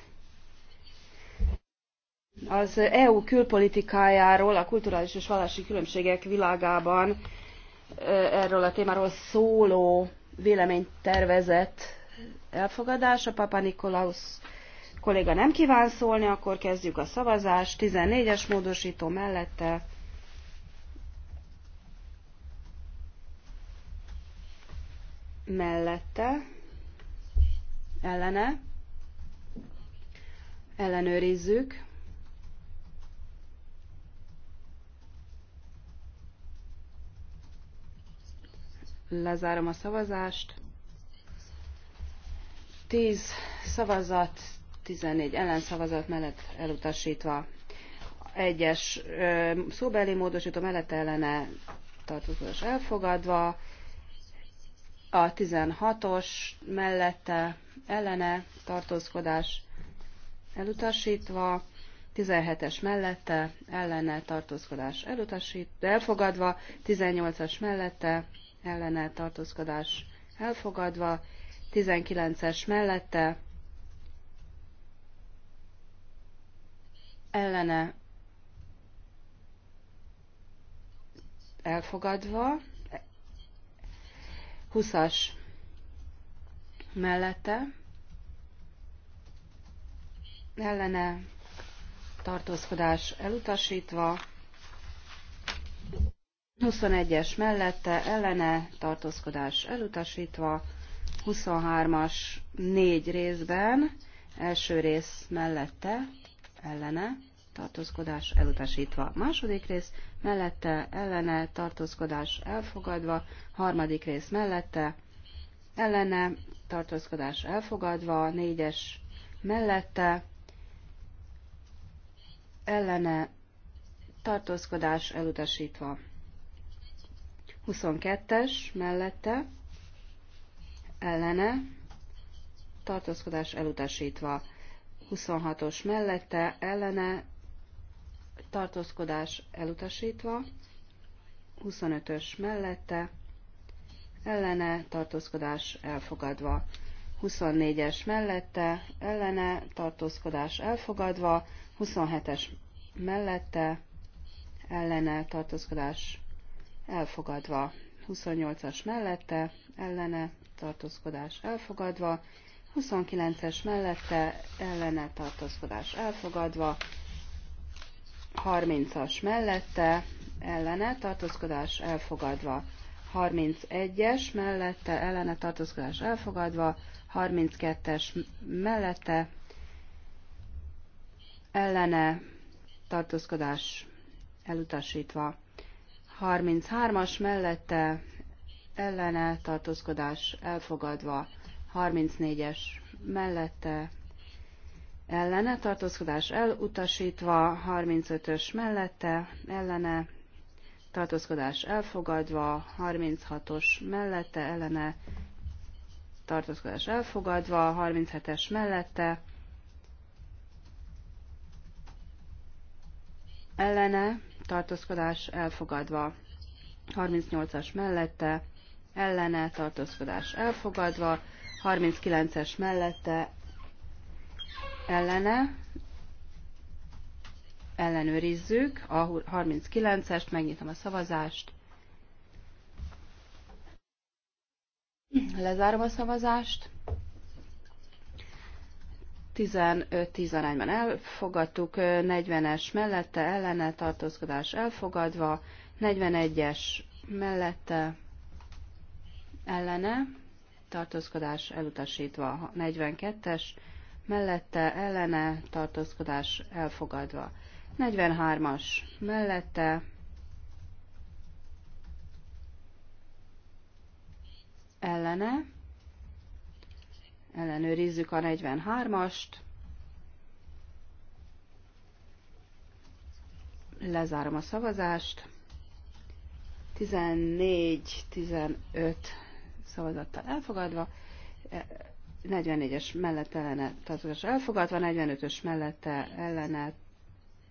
Az EU külpolitikájáról, a kulturális és vallási különbségek világában erről a témáról szóló véleménytervezet elfogadása. Papa Nikolaus kolléga nem kíván szólni, akkor kezdjük a szavazást. 14-es módosító mellette mellette, ellene, ellenőrizzük. Lezárom a szavazást. 10 szavazat, 14 ellenszavazat mellett elutasítva. Egyes szóbeli módosító mellett ellene tartózkodás elfogadva. A 16-os mellette ellene tartózkodás elutasítva. 17-es mellette, ellene tartózkodás elutasít, elfogadva, 18-as mellette, ellene tartózkodás elfogadva, 19-es mellette ellene elfogadva, 20-as mellette ellene tartózkodás elutasítva, 21-es mellette ellene tartózkodás elutasítva, 23-as négy részben, első rész mellette ellene tartózkodás elutasítva. Második rész mellette ellene tartózkodás elfogadva, harmadik rész mellette ellene tartózkodás elfogadva, négyes mellette ellene tartózkodás elutasítva. 22-es mellette ellene tartózkodás elutasítva. 26-os mellette ellene tartózkodás elutasítva. 25-ös mellette ellene tartózkodás elfogadva. 24-es mellette ellene tartózkodás elfogadva. 27-es mellette ellene tartózkodás elfogadva. 28-as mellette, ellene, tartózkodás elfogadva. 29-es mellette, ellene, tartózkodás elfogadva. 30-as mellette, ellene, tartózkodás elfogadva. 31-es mellette, ellene, tartózkodás elfogadva. 32-es mellette, ellene, tartózkodás elutasítva. 33-as mellette ellene tartózkodás elfogadva, 34-es mellette ellene tartózkodás elutasítva, 35-ös mellette ellene tartózkodás elfogadva, 36-os mellette ellene tartózkodás elfogadva, 37-es mellette ellene tartózkodás elfogadva. 38-as mellette, ellene, tartózkodás elfogadva. 39-es mellette, ellene, ellenőrizzük a 39-est, megnyitom a szavazást. Lezárom a szavazást. 15-10 arányban elfogadtuk, 40-es mellette ellene tartózkodás elfogadva, 41-es mellette ellene tartózkodás elutasítva, 42-es mellette ellene tartózkodás elfogadva, 43-as mellette ellene ellenőrizzük a 43-ast, lezárom a szavazást, 14-15 szavazattal elfogadva, 44-es mellett ellene tartózkodás elfogadva, 45-ös mellette ellene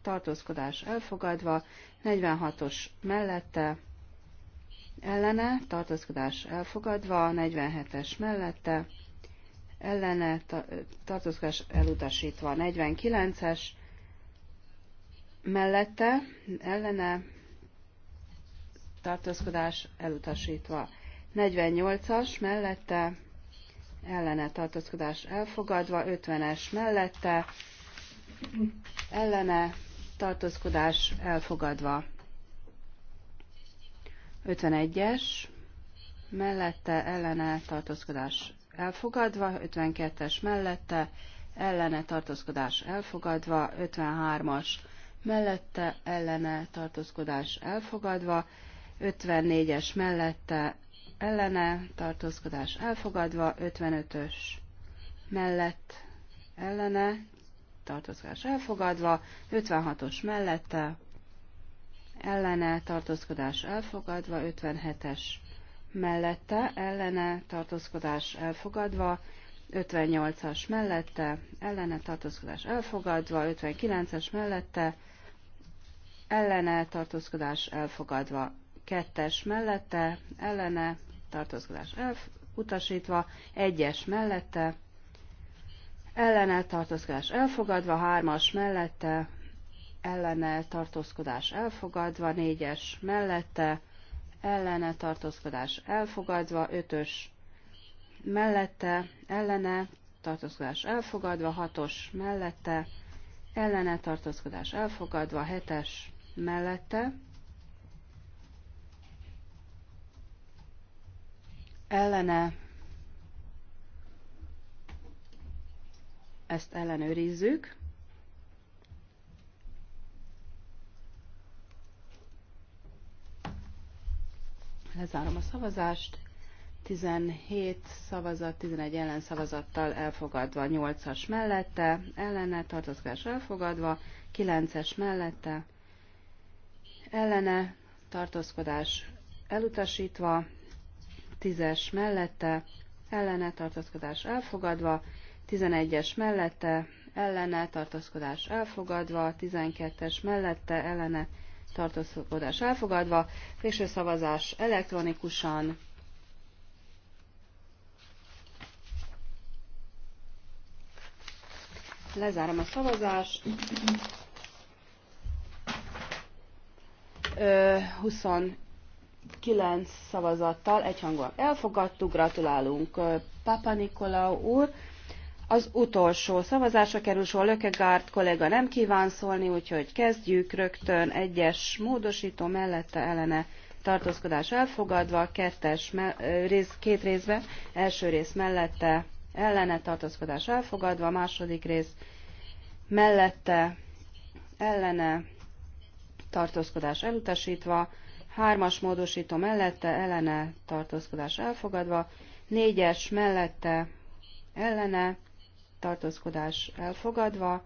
tartózkodás elfogadva, 46-os mellette ellene tartózkodás elfogadva, 47-es mellette ellene tartózkodás elutasítva. 49-es mellette ellene tartózkodás elutasítva. 48-as mellette ellene tartózkodás elfogadva, 50-es mellette ellene tartózkodás elfogadva. 51-es mellette ellene tartózkodás elfogadva, 52-es mellette, ellene tartózkodás elfogadva, 53-as mellette, ellene tartózkodás elfogadva, 54-es mellette, ellene tartózkodás elfogadva, 55-ös mellett, ellene tartózkodás elfogadva, 56-os mellette, ellene tartózkodás elfogadva, 57-es mellette, ellene tartózkodás elfogadva, 58-as mellette, ellene tartózkodás elfogadva, 59-es mellette, ellene tartózkodás elfogadva, 2-es mellette, ellene tartózkodás elutasítva, 1-es mellette, ellene tartózkodás elfogadva, 3-as mellette, ellene tartózkodás elfogadva, 4-es mellette, ellene tartózkodás elfogadva, 5-ös mellette, ellene tartózkodás elfogadva, 6-os mellette, ellene tartózkodás elfogadva, 7-es mellette, ellene ezt ellenőrizzük. Lezárom a szavazást. 17 szavazat, 11 szavazattal elfogadva, 8-as mellette, ellene, tartózkodás elfogadva, 9-es mellette, ellene, tartózkodás elutasítva, 10-es mellette, ellene, tartózkodás elfogadva, 11-es mellette, ellene, tartózkodás elfogadva, 12-es mellette, ellene, tartózkodás elfogadva, végső szavazás elektronikusan. Lezárom a szavazást. 29 szavazattal egyhangúan elfogadtuk, gratulálunk Papa Nikolau úr. Az utolsó szavazásra kerül sor, Lökegárd kollega nem kíván szólni, úgyhogy kezdjük rögtön egyes módosító mellette ellene tartózkodás elfogadva, kettes rész, két részbe, első rész mellette ellene tartózkodás elfogadva, második rész mellette ellene tartózkodás elutasítva, hármas módosító mellette ellene tartózkodás elfogadva, négyes mellette ellene tartózkodás elfogadva,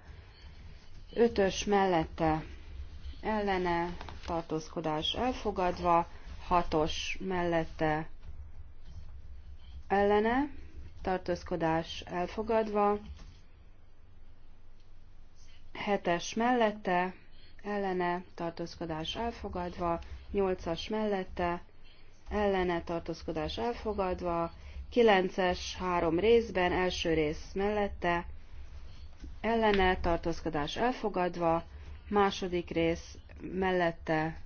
ötös mellette ellene tartózkodás elfogadva, hatos mellette ellene tartózkodás elfogadva, hetes mellette ellene tartózkodás elfogadva, nyolcas mellette ellene tartózkodás elfogadva, 9-es három részben, első rész mellette, ellene, tartózkodás elfogadva, második rész mellette,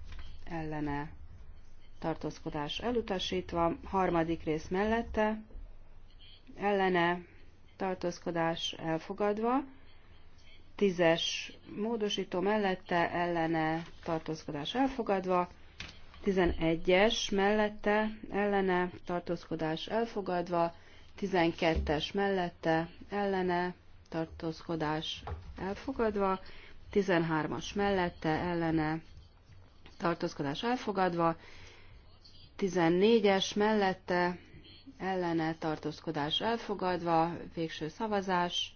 ellene, tartózkodás elutasítva, harmadik rész mellette, ellene, tartózkodás elfogadva, tízes módosító mellette, ellene, tartózkodás elfogadva, 11-es mellette ellene tartózkodás elfogadva, 12-es mellette ellene tartózkodás elfogadva, 13-as mellette ellene tartózkodás elfogadva, 14-es mellette ellene tartózkodás elfogadva, végső szavazás,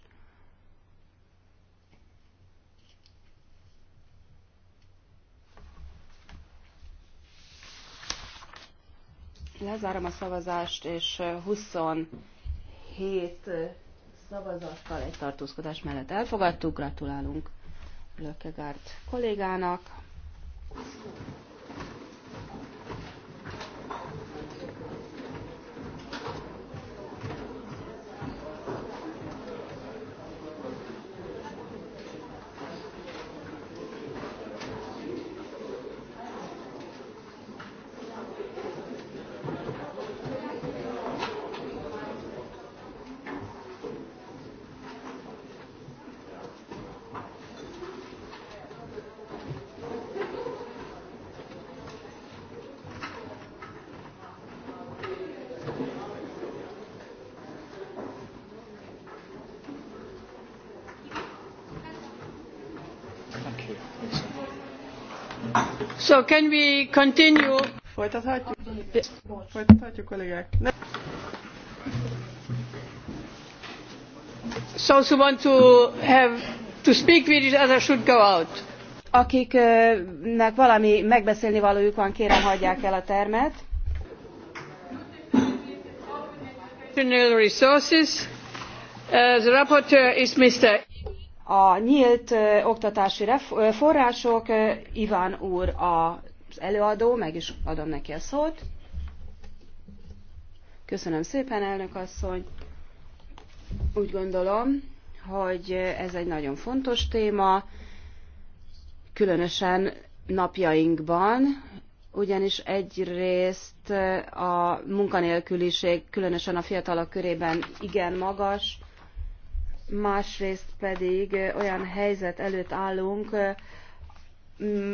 Lezárom a szavazást, és 27 szavazattal egy tartózkodás mellett elfogadtuk. Gratulálunk Lökegárt kollégának. So can we continue? Folytathatjuk? Folytathatjuk, kollégák. Ne. So who want to have to speak with each other should go out. Akiknek valami megbeszélni valójuk van, kérem hagyják el a termet. Resources. Uh, the rapporteur is Mr a nyílt oktatási források, Iván úr az előadó, meg is adom neki a szót. Köszönöm szépen, elnök asszony. Úgy gondolom, hogy ez egy nagyon fontos téma, különösen napjainkban, ugyanis egyrészt a munkanélküliség különösen a fiatalok körében igen magas, másrészt pedig olyan helyzet előtt állunk,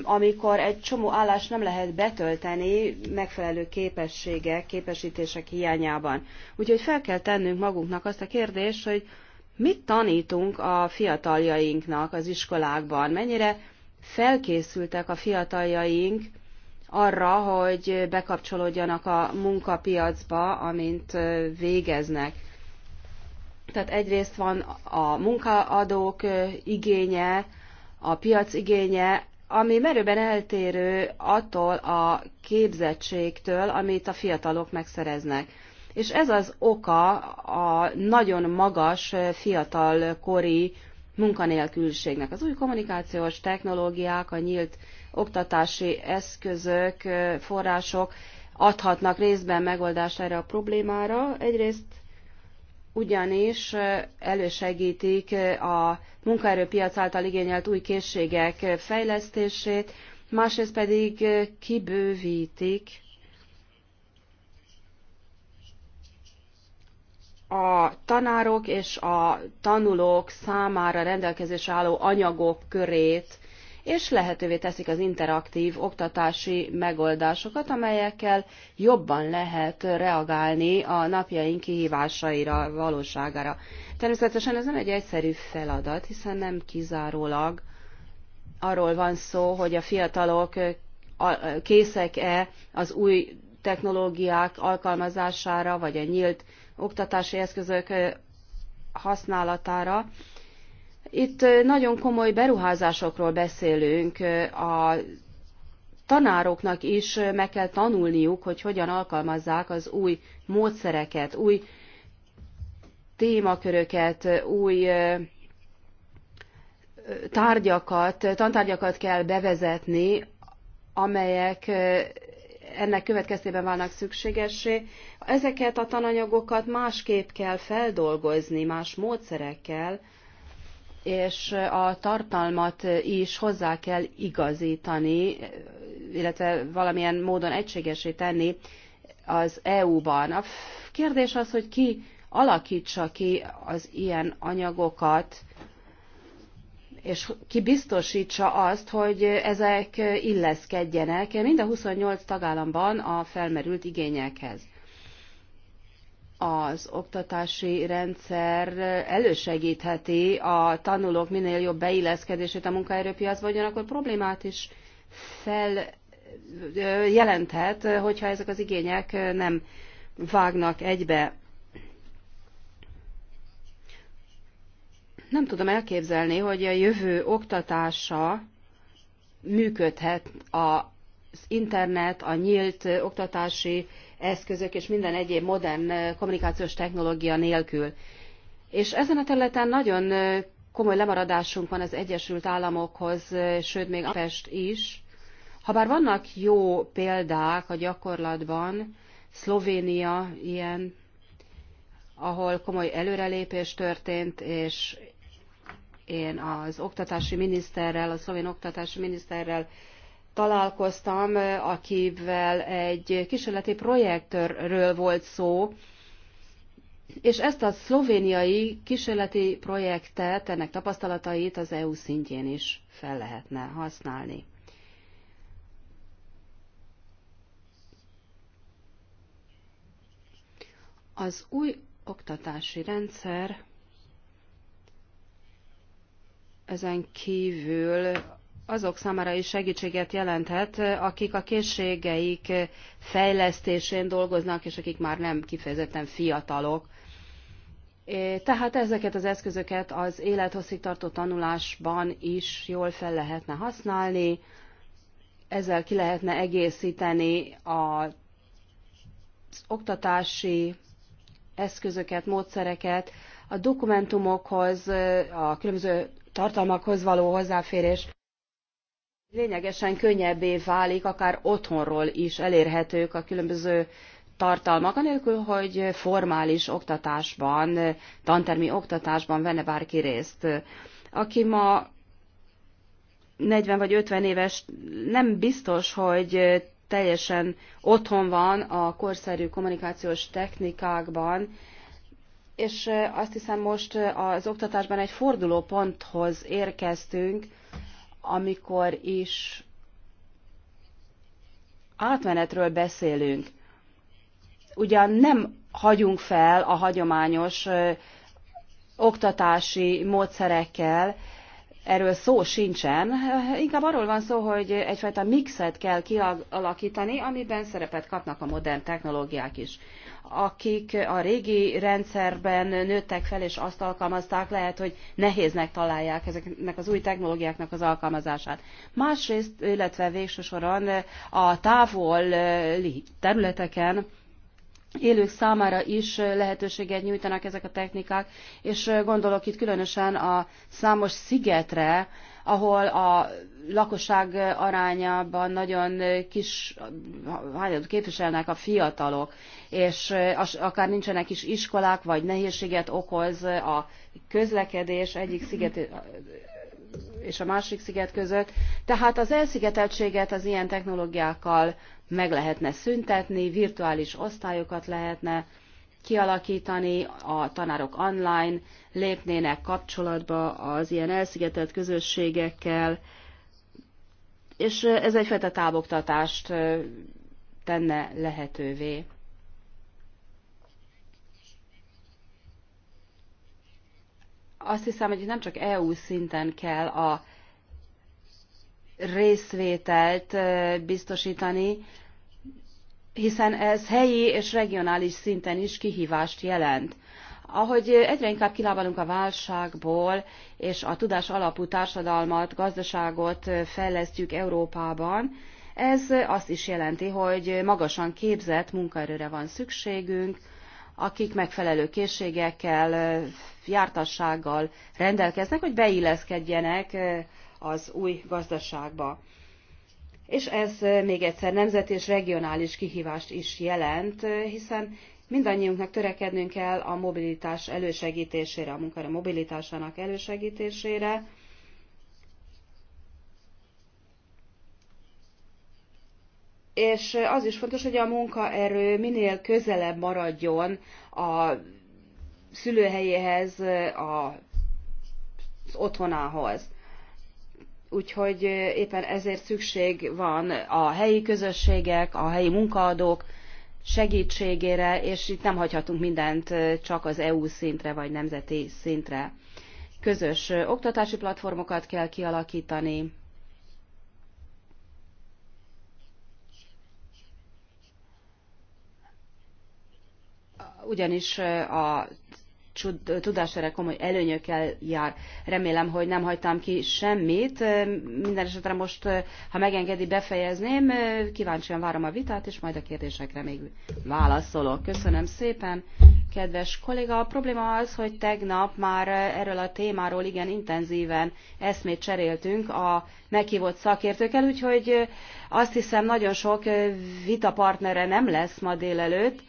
amikor egy csomó állást nem lehet betölteni megfelelő képességek, képesítések hiányában. Úgyhogy fel kell tennünk magunknak azt a kérdést, hogy mit tanítunk a fiataljainknak az iskolákban, mennyire felkészültek a fiataljaink arra, hogy bekapcsolódjanak a munkapiacba, amint végeznek. Tehát egyrészt van a munkaadók igénye, a piac igénye, ami merőben eltérő attól a képzettségtől, amit a fiatalok megszereznek. És ez az oka a nagyon magas fiatalkori munkanélküliségnek. Az új kommunikációs technológiák, a nyílt oktatási eszközök, források adhatnak részben megoldást erre a problémára. Egyrészt ugyanis elősegítik a munkaerőpiac által igényelt új készségek fejlesztését, másrészt pedig kibővítik a tanárok és a tanulók számára rendelkezésre álló anyagok körét, és lehetővé teszik az interaktív oktatási megoldásokat, amelyekkel jobban lehet reagálni a napjaink kihívásaira, valóságára. Természetesen ez nem egy egyszerű feladat, hiszen nem kizárólag arról van szó, hogy a fiatalok készek-e az új technológiák alkalmazására, vagy a nyílt oktatási eszközök használatára, itt nagyon komoly beruházásokról beszélünk. A tanároknak is meg kell tanulniuk, hogy hogyan alkalmazzák az új módszereket, új témaköröket, új tárgyakat, tantárgyakat kell bevezetni, amelyek ennek következtében válnak szükségessé. Ezeket a tananyagokat másképp kell feldolgozni, más módszerekkel, és a tartalmat is hozzá kell igazítani, illetve valamilyen módon egységesé tenni az EU-ban. A kérdés az, hogy ki alakítsa ki az ilyen anyagokat, és ki biztosítsa azt, hogy ezek illeszkedjenek mind a 28 tagállamban a felmerült igényekhez az oktatási rendszer elősegítheti a tanulók minél jobb beilleszkedését a munkaerőpiacba, ugyanakkor problémát is fel jelenthet, hogyha ezek az igények nem vágnak egybe. Nem tudom elképzelni, hogy a jövő oktatása működhet az internet, a nyílt oktatási eszközök és minden egyéb modern kommunikációs technológia nélkül. És ezen a területen nagyon komoly lemaradásunk van az Egyesült Államokhoz, sőt még a Pest is. Habár vannak jó példák a gyakorlatban, Szlovénia ilyen, ahol komoly előrelépés történt, és én az oktatási miniszterrel, a szlovén oktatási miniszterrel találkoztam, akivel egy kísérleti projektről volt szó, és ezt a szlovéniai kísérleti projektet, ennek tapasztalatait az EU szintjén is fel lehetne használni. Az új oktatási rendszer ezen kívül azok számára is segítséget jelenthet, akik a készségeik fejlesztésén dolgoznak, és akik már nem kifejezetten fiatalok. Tehát ezeket az eszközöket az élethosszígtartó tanulásban is jól fel lehetne használni, ezzel ki lehetne egészíteni az oktatási eszközöket, módszereket, a dokumentumokhoz, a különböző tartalmakhoz való hozzáférés lényegesen könnyebbé válik, akár otthonról is elérhetők a különböző tartalmak, anélkül, hogy formális oktatásban, tantermi oktatásban venne bárki részt. Aki ma 40 vagy 50 éves, nem biztos, hogy teljesen otthon van a korszerű kommunikációs technikákban, és eh, azt hiszem most eh, az oktatásban egy fordulóponthoz érkeztünk, amikor is átmenetről beszélünk. Ugyan nem hagyunk fel a hagyományos oktatási módszerekkel, erről szó sincsen, inkább arról van szó, hogy egyfajta mixet kell kialakítani, amiben szerepet kapnak a modern technológiák is. Akik a régi rendszerben nőttek fel és azt alkalmazták, lehet, hogy nehéznek találják ezeknek az új technológiáknak az alkalmazását. Másrészt, illetve végső soron a távoli területeken élők számára is lehetőséget nyújtanak ezek a technikák, és gondolok itt különösen a számos szigetre, ahol a lakosság arányában nagyon kis hányadot képviselnek a fiatalok, és akár nincsenek is iskolák, vagy nehézséget okoz a közlekedés egyik sziget és a másik sziget között. Tehát az elszigeteltséget az ilyen technológiákkal meg lehetne szüntetni, virtuális osztályokat lehetne kialakítani, a tanárok online lépnének kapcsolatba az ilyen elszigetelt közösségekkel, és ez fete távoktatást tenne lehetővé. Azt hiszem, hogy nem csak EU szinten kell a részvételt biztosítani, hiszen ez helyi és regionális szinten is kihívást jelent. Ahogy egyre inkább kilábalunk a válságból, és a tudás alapú társadalmat, gazdaságot fejlesztjük Európában, ez azt is jelenti, hogy magasan képzett munkaerőre van szükségünk, akik megfelelő készségekkel, jártassággal rendelkeznek, hogy beilleszkedjenek az új gazdaságba. És ez még egyszer nemzeti és regionális kihívást is jelent, hiszen mindannyiunknak törekednünk kell a mobilitás elősegítésére, a munkaerő mobilitásának elősegítésére, és az is fontos, hogy a munkaerő minél közelebb maradjon a szülőhelyéhez, az otthonához. Úgyhogy éppen ezért szükség van a helyi közösségek, a helyi munkaadók segítségére, és itt nem hagyhatunk mindent csak az EU szintre vagy nemzeti szintre. Közös oktatási platformokat kell kialakítani, ugyanis a tudására komoly előnyökkel jár. Remélem, hogy nem hagytam ki semmit. Minden esetre most, ha megengedi, befejezném. Kíváncsian várom a vitát, és majd a kérdésekre még válaszolok. Köszönöm szépen, kedves kolléga. A probléma az, hogy tegnap már erről a témáról igen intenzíven eszmét cseréltünk a meghívott szakértőkkel, úgyhogy azt hiszem nagyon sok vitapartnere nem lesz ma délelőtt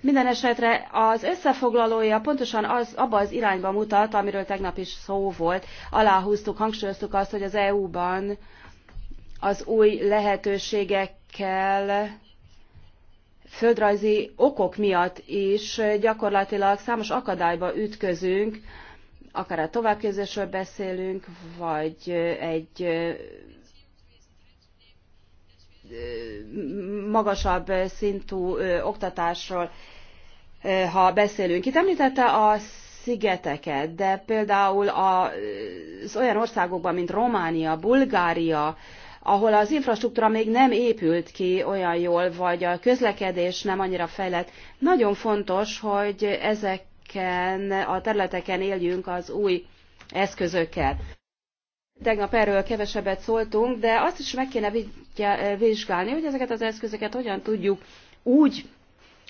mindenesetre az összefoglalója pontosan az, abba az irányba mutat, amiről tegnap is szó volt. Aláhúztuk, hangsúlyoztuk azt, hogy az EU-ban az új lehetőségekkel földrajzi okok miatt is gyakorlatilag számos akadályba ütközünk, akár a továbbképzésről beszélünk, vagy egy magasabb szintű oktatásról, ha beszélünk. Itt említette a szigeteket, de például az olyan országokban, mint Románia, Bulgária, ahol az infrastruktúra még nem épült ki olyan jól, vagy a közlekedés nem annyira fejlett. Nagyon fontos, hogy ezeken a területeken éljünk az új eszközökkel. Tegnap erről kevesebbet szóltunk, de azt is meg kéne vizsgálni, hogy ezeket az eszközöket hogyan tudjuk úgy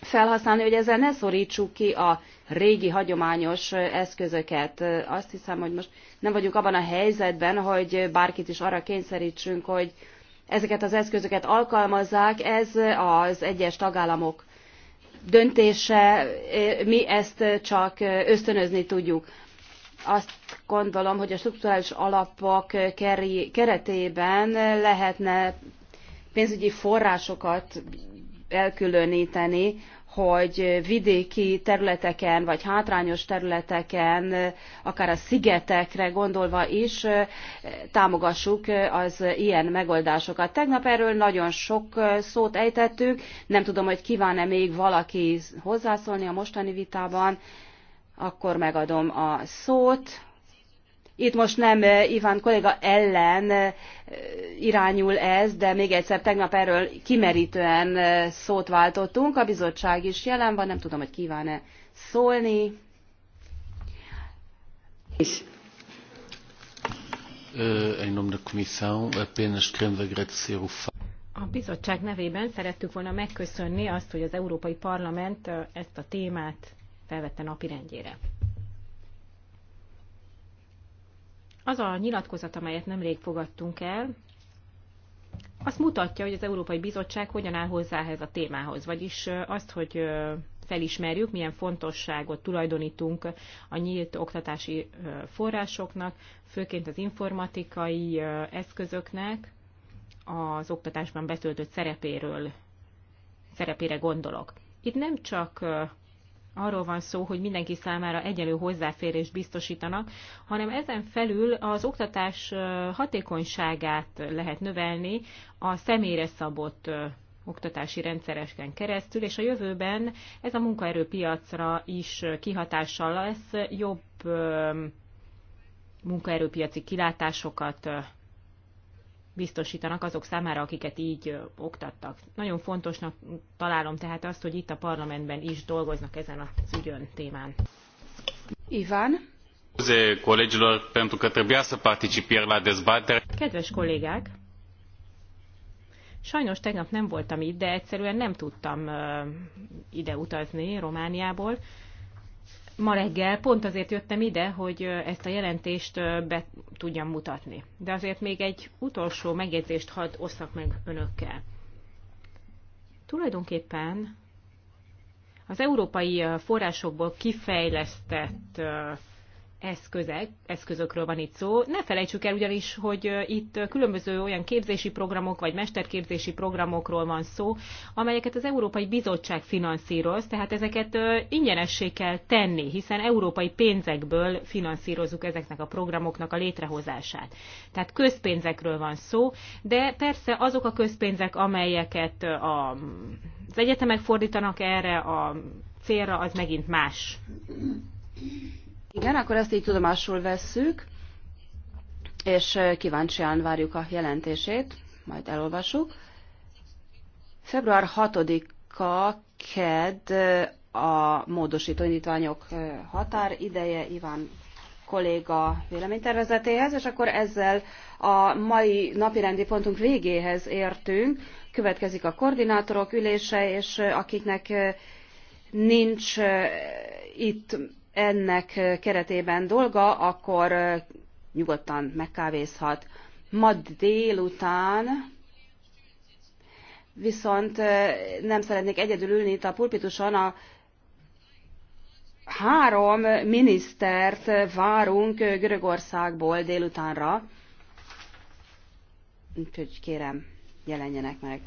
felhasználni, hogy ezzel ne szorítsuk ki a régi hagyományos eszközöket. Azt hiszem, hogy most nem vagyunk abban a helyzetben, hogy bárkit is arra kényszerítsünk, hogy ezeket az eszközöket alkalmazzák, ez az egyes tagállamok döntése, mi ezt csak ösztönözni tudjuk. Azt gondolom, hogy a strukturális alapok keretében lehetne pénzügyi forrásokat elkülöníteni, hogy vidéki területeken, vagy hátrányos területeken, akár a szigetekre gondolva is támogassuk az ilyen megoldásokat. Tegnap erről nagyon sok szót ejtettünk, nem tudom, hogy kíván-e még valaki hozzászólni a mostani vitában, akkor megadom a szót itt most nem eh, Iván kolléga ellen eh, irányul ez, de még egyszer tegnap erről kimerítően eh, szót váltottunk. A bizottság is jelen van, nem tudom, hogy kíván-e szólni. És. A bizottság nevében szerettük volna megköszönni azt, hogy az Európai Parlament ezt a témát felvette napirendjére. az a nyilatkozat, amelyet nemrég fogadtunk el, azt mutatja, hogy az Európai Bizottság hogyan áll hozzá ehhez a témához, vagyis azt, hogy felismerjük, milyen fontosságot tulajdonítunk a nyílt oktatási forrásoknak, főként az informatikai eszközöknek, az oktatásban betöltött szerepéről, szerepére gondolok. Itt nem csak arról van szó, hogy mindenki számára egyenlő hozzáférést biztosítanak, hanem ezen felül az oktatás hatékonyságát lehet növelni a személyre szabott oktatási rendszeresken keresztül, és a jövőben ez a munkaerőpiacra is kihatással lesz, jobb munkaerőpiaci kilátásokat biztosítanak azok számára, akiket így oktattak. Nagyon fontosnak találom tehát azt, hogy itt a parlamentben is dolgoznak ezen az ügyön témán. Iván? Kedves kollégák! Sajnos tegnap nem voltam itt, de egyszerűen nem tudtam ide utazni Romániából, ma reggel pont azért jöttem ide, hogy ezt a jelentést be tudjam mutatni. De azért még egy utolsó megjegyzést hadd osszak meg önökkel. Tulajdonképpen az európai forrásokból kifejlesztett eszközek, eszközökről van itt szó. Ne felejtsük el ugyanis, hogy itt különböző olyan képzési programok vagy mesterképzési programokról van szó, amelyeket az Európai Bizottság finanszíroz, tehát ezeket ingyenessé kell tenni, hiszen európai pénzekből finanszírozzuk ezeknek a programoknak a létrehozását. Tehát közpénzekről van szó, de persze azok a közpénzek, amelyeket a, az egyetemek fordítanak erre a célra, az megint más igen, akkor ezt így tudomásul vesszük, és kíváncsian várjuk a jelentését, majd elolvassuk. Február 6-a KED a módosító indítványok határideje, Iván kolléga véleménytervezetéhez, és akkor ezzel a mai napirendi pontunk végéhez értünk. Következik a koordinátorok ülése, és akiknek nincs itt ennek keretében dolga, akkor nyugodtan megkávézhat. Ma délután viszont nem szeretnék egyedül ülni itt a pulpituson, a három minisztert várunk Görögországból délutánra. Úgyhogy kérem, jelenjenek meg.